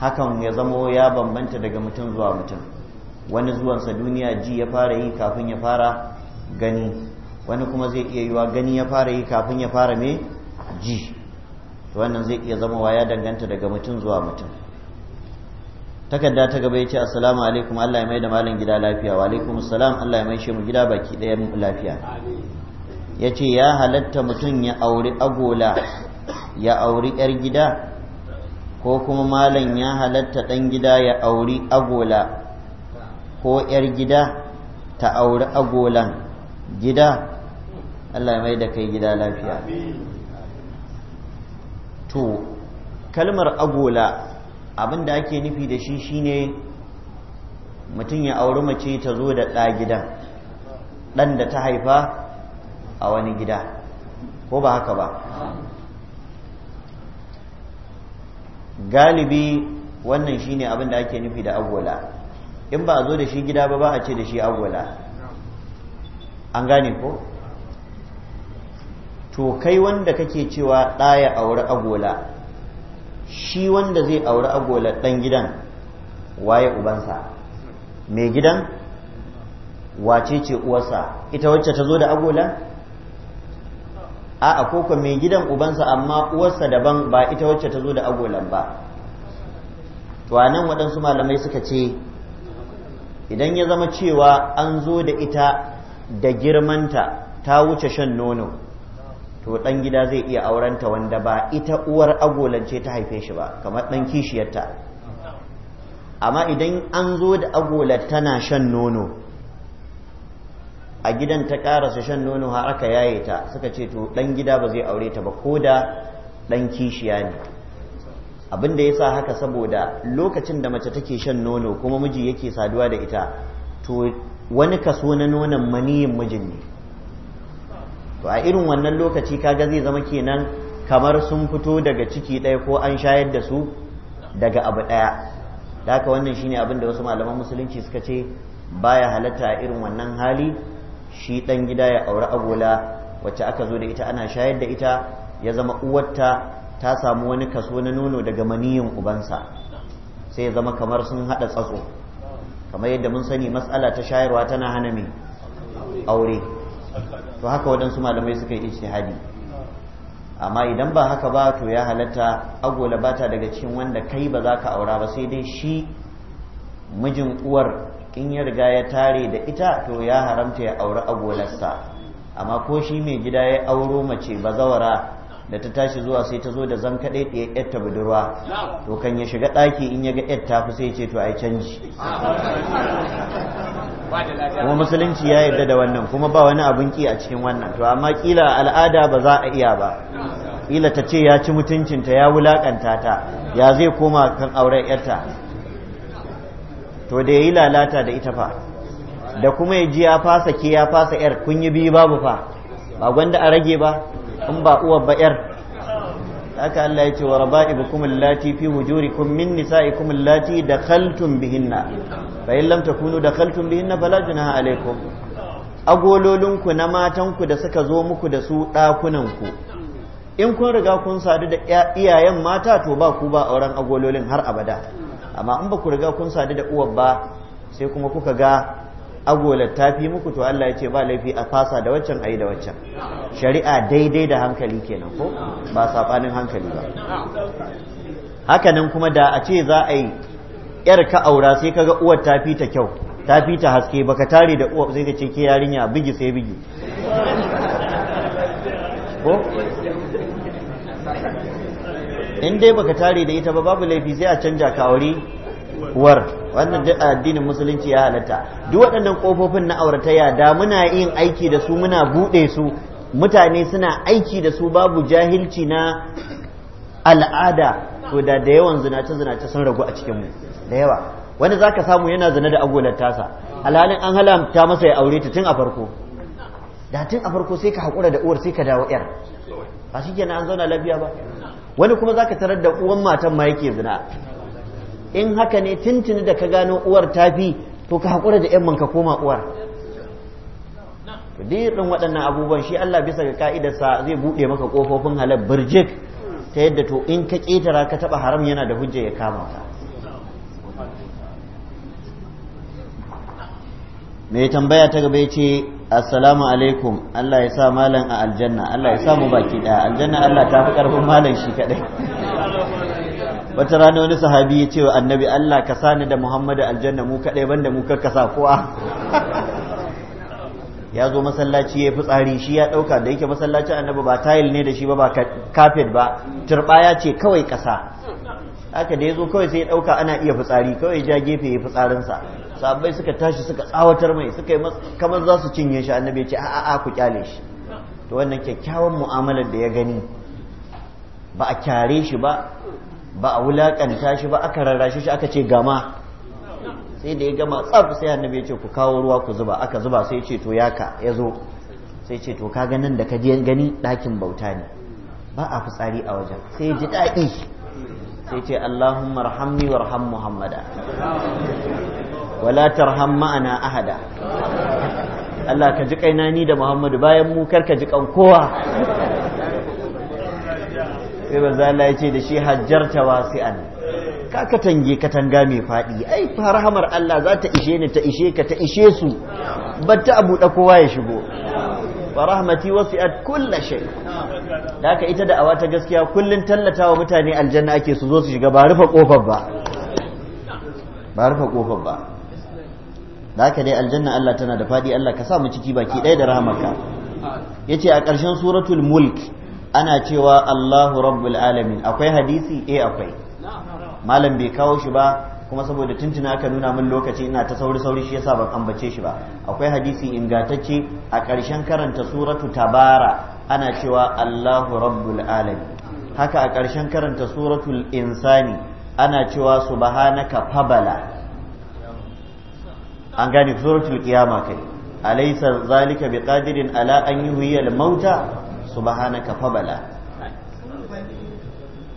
hakan ya zamo ya bambanta daga mutum zuwa mutum wani zuwansa duniya ji ya fara yi kafin ya fara gani wani kuma zai iya yiwa gani ya fara yi kafin ya fara me ji wannan zai iya zama ya danganta daga mutum zuwa mutum takarda ta gaba ya ce assalamu alaikum Allah ya mai da malam gida lafiya wa alaikum assalam Allah ya mai shi mu gida baki ɗaya mu lafiya Ya ce ya halatta mutum ya auri agola ya auri yar gida ko kuma malam ya halatta ɗan gida ya auri agola ko yar gida ta auri agolan gida Allah ya mai da kai gida lafiya to kalmar agola abin da ake nufi da shi shine mutum ya auri mace ta zo da ɗa gidan ɗan da ta haifa a wani gida ko ba haka ba galibi wannan shine abin da ake nufi da agwala in ba a zo da shi gida ba ba a ce da shi agwala an gane ko to kai wanda kake cewa ɗaya auri agwala shi wanda zai auri agolar dan gidan waye ubansa mai gidan wace ce uwarsa ita wacce ta zo da agola a'a koko mai gidan ubansa amma uwarsa daban ba ita wacce ta zo da agolan ba to nan waɗansu malamai suka ce idan ya zama cewa an zo da ita da girmanta ta wuce shan nono to ɗan gida zai iya aurenta wanda ba ita uwar agolance ta haife shi ba kamar ɗan kishiyarta amma idan an zo da agolar tana shan nono a gidan ta karasa shan nono har aka yaye ta suka ce to ɗan gida ba zai aure ta ba ko da dan kishiya ne abin da ya sa haka saboda lokacin da mace take shan nono kuma miji yake saduwa da ita to wani kaso na nonon maniyin mijin ne to a irin wannan lokaci kaga zai zama kenan kamar sun fito daga ciki ɗaya ko an shayar da su daga abu ɗaya da haka wannan shine abin da wasu malaman musulunci suka ce baya halatta a irin wannan hali shi ɗan gida ya auri agola wacce aka zo da ita ana shayar da ita ya zama uwarta ta samu wani kaso na nono daga maniyin ubansa sai ya zama kamar sun haɗa tsatso kamar yadda mun sani matsala ta shayarwa tana hana mai aure to haka waɗansu malamai suka yi hadi, amma idan ba haka ba to ya halatta agola ba ta daga cikin wanda kai ba za ka aura ba sai dai shi mijin uwar in ya riga ya tare da ita to ya haramta ya auri agolarsa amma ko shi mai gida ya auro mace ba zawara. da ta tashi zuwa sai ta zo da zan kaɗai ɗaya ɗaya budurwa to kan ya shiga ɗaki in ya ga yar ta fi sai ce to ai canji kuma musulunci ya yarda da wannan kuma ba wani abin ki a cikin wannan to amma kila al'ada ba za a iya ba kila ta ce ya ci mutuncinta ya wulakanta ta ya zai koma kan aure yarta to da ya yi lalata da ita fa da kuma ya ji ya fasa ke ya fasa yar kun yi biyu babu fa ba gwanda a rage ba in ba uwar ba yar haka Allah ya ce wa raba'ibukum allati fi wujurikum min nisa'ikum allati dakhaltum bihinna fa illam takunu dakhaltum bihinna fala junaha alaikum agololinku na matanku da suka zo muku da su ku in kun riga kun sadu da iyayen mata to ba ku ba auren agololin har abada amma in ba ku riga kun sadu da uwar ba sai kuma kuka ga agolar ta fi muku to Allah ya ce ba laifi a fasa da waccan ayi da waccan shari'a daidai da hankali kenan ko ba sabanin hankali ba Haka nan kuma da a ce za a yi yar ka aura sai kaga uwar ta fi ta kyau ta fi ta haske baka tare da uwar sai ka ce ke yarinya bigi sai bigi ko in dai baka tare da ita ba babu laifi sai a canja ka aure war wannan da addinin musulunci ya halatta duk waɗannan kofofin na auratayya da muna yin aiki da su muna buɗe su mutane suna aiki da su babu jahilci na al'ada to da da yawan zinace zinace sun ragu a cikin mu da yawa wani zaka samu yana zina da agolar tasa alhalin an halamta masa ya aure ta tun a farko da tun a farko sai ka haƙura da uwar sai ka dawo yar ba shi kenan an zauna lafiya ba wani kuma zaka tarar da uwan matan ma yake zina in haka ne tintini da ka gano uwar ta fi to ka haƙura da yan ka koma uwar to ɗin waɗannan abubuwan shi Allah bisa ga ka'idarsa zai buɗe maka ƙofofin halar birjik ta yadda to in ka ƙetara ka taɓa haram yana da hujja ya kama ka mai tambaya ta gaba ce assalamu alaikum Allah ya sa malam a aljanna Allah ya sa mu baki ɗaya aljanna Allah ta fi ƙarfin malam shi kaɗai wata rana wani sahabi ya ce wa annabi Allah ka sani da Muhammadu aljanna mu kaɗai banda mu ka safuwa ya zo masallaci ya fitsari shi ya ɗauka da yake masallaci annabi ba tayil ne da shi ba kafet ba ya ce kawai ƙasa haka da ya zo kawai sai ya ɗauka ana iya fitsari kawai ja gefe ya fitsarinsa sabai suka tashi suka tsawatar mai suka yi kamar za su cinye shi annabi ya ce a ku kyale shi to wannan kyakkyawan mu'amalar da ya gani ba a kyare shi ba ba a wulaƙanta shi ba aka rarrashe shi aka ce gama sai da ya gama tsaf sai annabi ya ce ku kawo ruwa ku zuba aka zuba sai ce to yaka ya zo sai ce to ka ganin da ka je gani ɗakin bauta ne ba a fitsari a wajen sai ji daɗi sai ce Allahumma rahamni warham Muhammada wala tarham ma'ana ahada Allah ka ji kaina ni da Muhammadu bayan mu kar ka ji kan sai manzo Allah ya ce da shi hajjarta wasi'an ka katange katanga mai faɗi ai rahamar Allah za ta ishe ni ta ishe ka ta ishe su bar ta abu da kowa ya shigo wa rahmati wasi'at kulla shay da haka ita da awa ta gaskiya kullun tallatawa mutane aljanna ake su zo su shiga ba rufe kofar ba ba rufe kofar ba da haka dai aljanna Allah tana da faɗi Allah ka sa mu ciki baki ɗaya da rahamarka yace a ƙarshen suratul mulk ana cewa Allahu rabbul alamin akwai hadisi eh akwai malam bai kawo shi ba kuma saboda tuntuna aka nuna min lokaci ina ta sauri sauri shi yasa ban ambace shi ba akwai hadisi ingantacce a ƙarshen karanta suratu tabara ana cewa Allahu rabbul alamin haka a ƙarshen karanta suratul insani ana cewa subhanaka fabala an gane suratul kiyama kai alaysa zalika biqadirin ala an yuhyiya mauta subhanaka fabala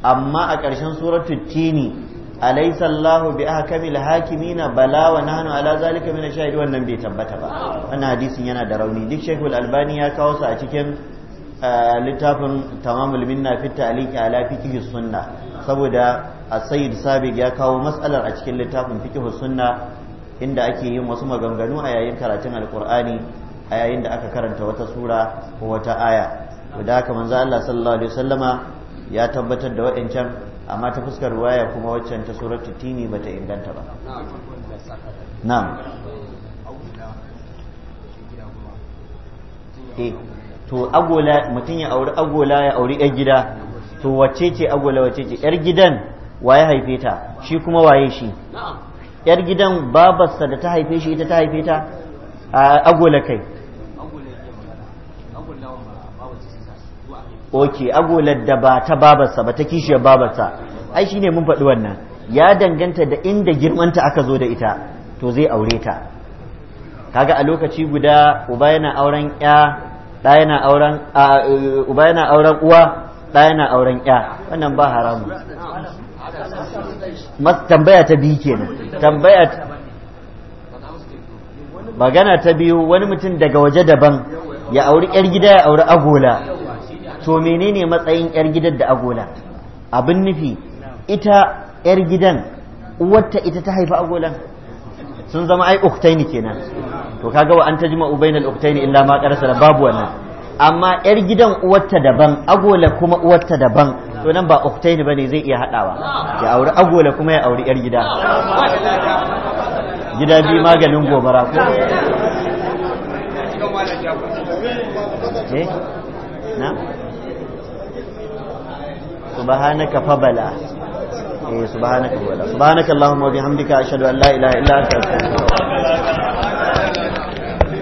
amma a ƙarshen suratul tini alaysa Allahu bi ahkamil hakimina bala wa nahnu ala zalika min ash-shahid wannan bai tabbata ba wannan hadisin yana da rauni duk Sheikhul Albani ya kawo sa a cikin eh, littafin tamamul minna fi ta'liq ala fiqh sunna saboda as-sayyid sabiq ya kawo matsalar a cikin littafin fiqh sunna inda ake yin wasu maganganu a yayin karatun alqur'ani a yayin da aka karanta wata sura ko wata aya to da haka manzo Allah sallallahu alaihi wasallama ya tabbatar da wa'ancan amma ta fuskar waya kuma waccan ta suratu tini bata inganta ba na'am eh to agola mutum ya auri agola ya auri yar gida to wacce ce agola wacce ce yar gidan waye haife ta shi kuma waye shi yar gidan babarsa da ta haife shi ita ta haife ta agola kai oke agolar da ba ta babarsa ba ta kishiyar babarsa ai shine mun faɗi wannan ya danganta da inda girmanta aka zo da ita to zai aure ta kaga a lokaci guda uba yana auren ya ɗa yana auren uba yana auren uwa ɗa yana auren ya wannan ba haramu tambaya ta biyu kenan tambaya magana ta biyu wani mutum daga waje daban ya auri 'yar gida ya auri agola to menene matsayin 'yar gidan da agola abin nufi ita 'yar gidan wata ita ta haifa agolan sun zama ai uktaini kenan to kaga wa an tajma ubainal uktaini illa ma qarasa babu wannan amma 'yar gidan uwarta daban agola kuma uwarta daban to nan ba uktaini bane zai iya hadawa ya auri agola kuma ya auri 'yar gida gida biyu maganin gobara ko eh? na subhanaka fabala eh subhanaka wala subhanaka allahumma wa bihamdika ashhadu an la ilaha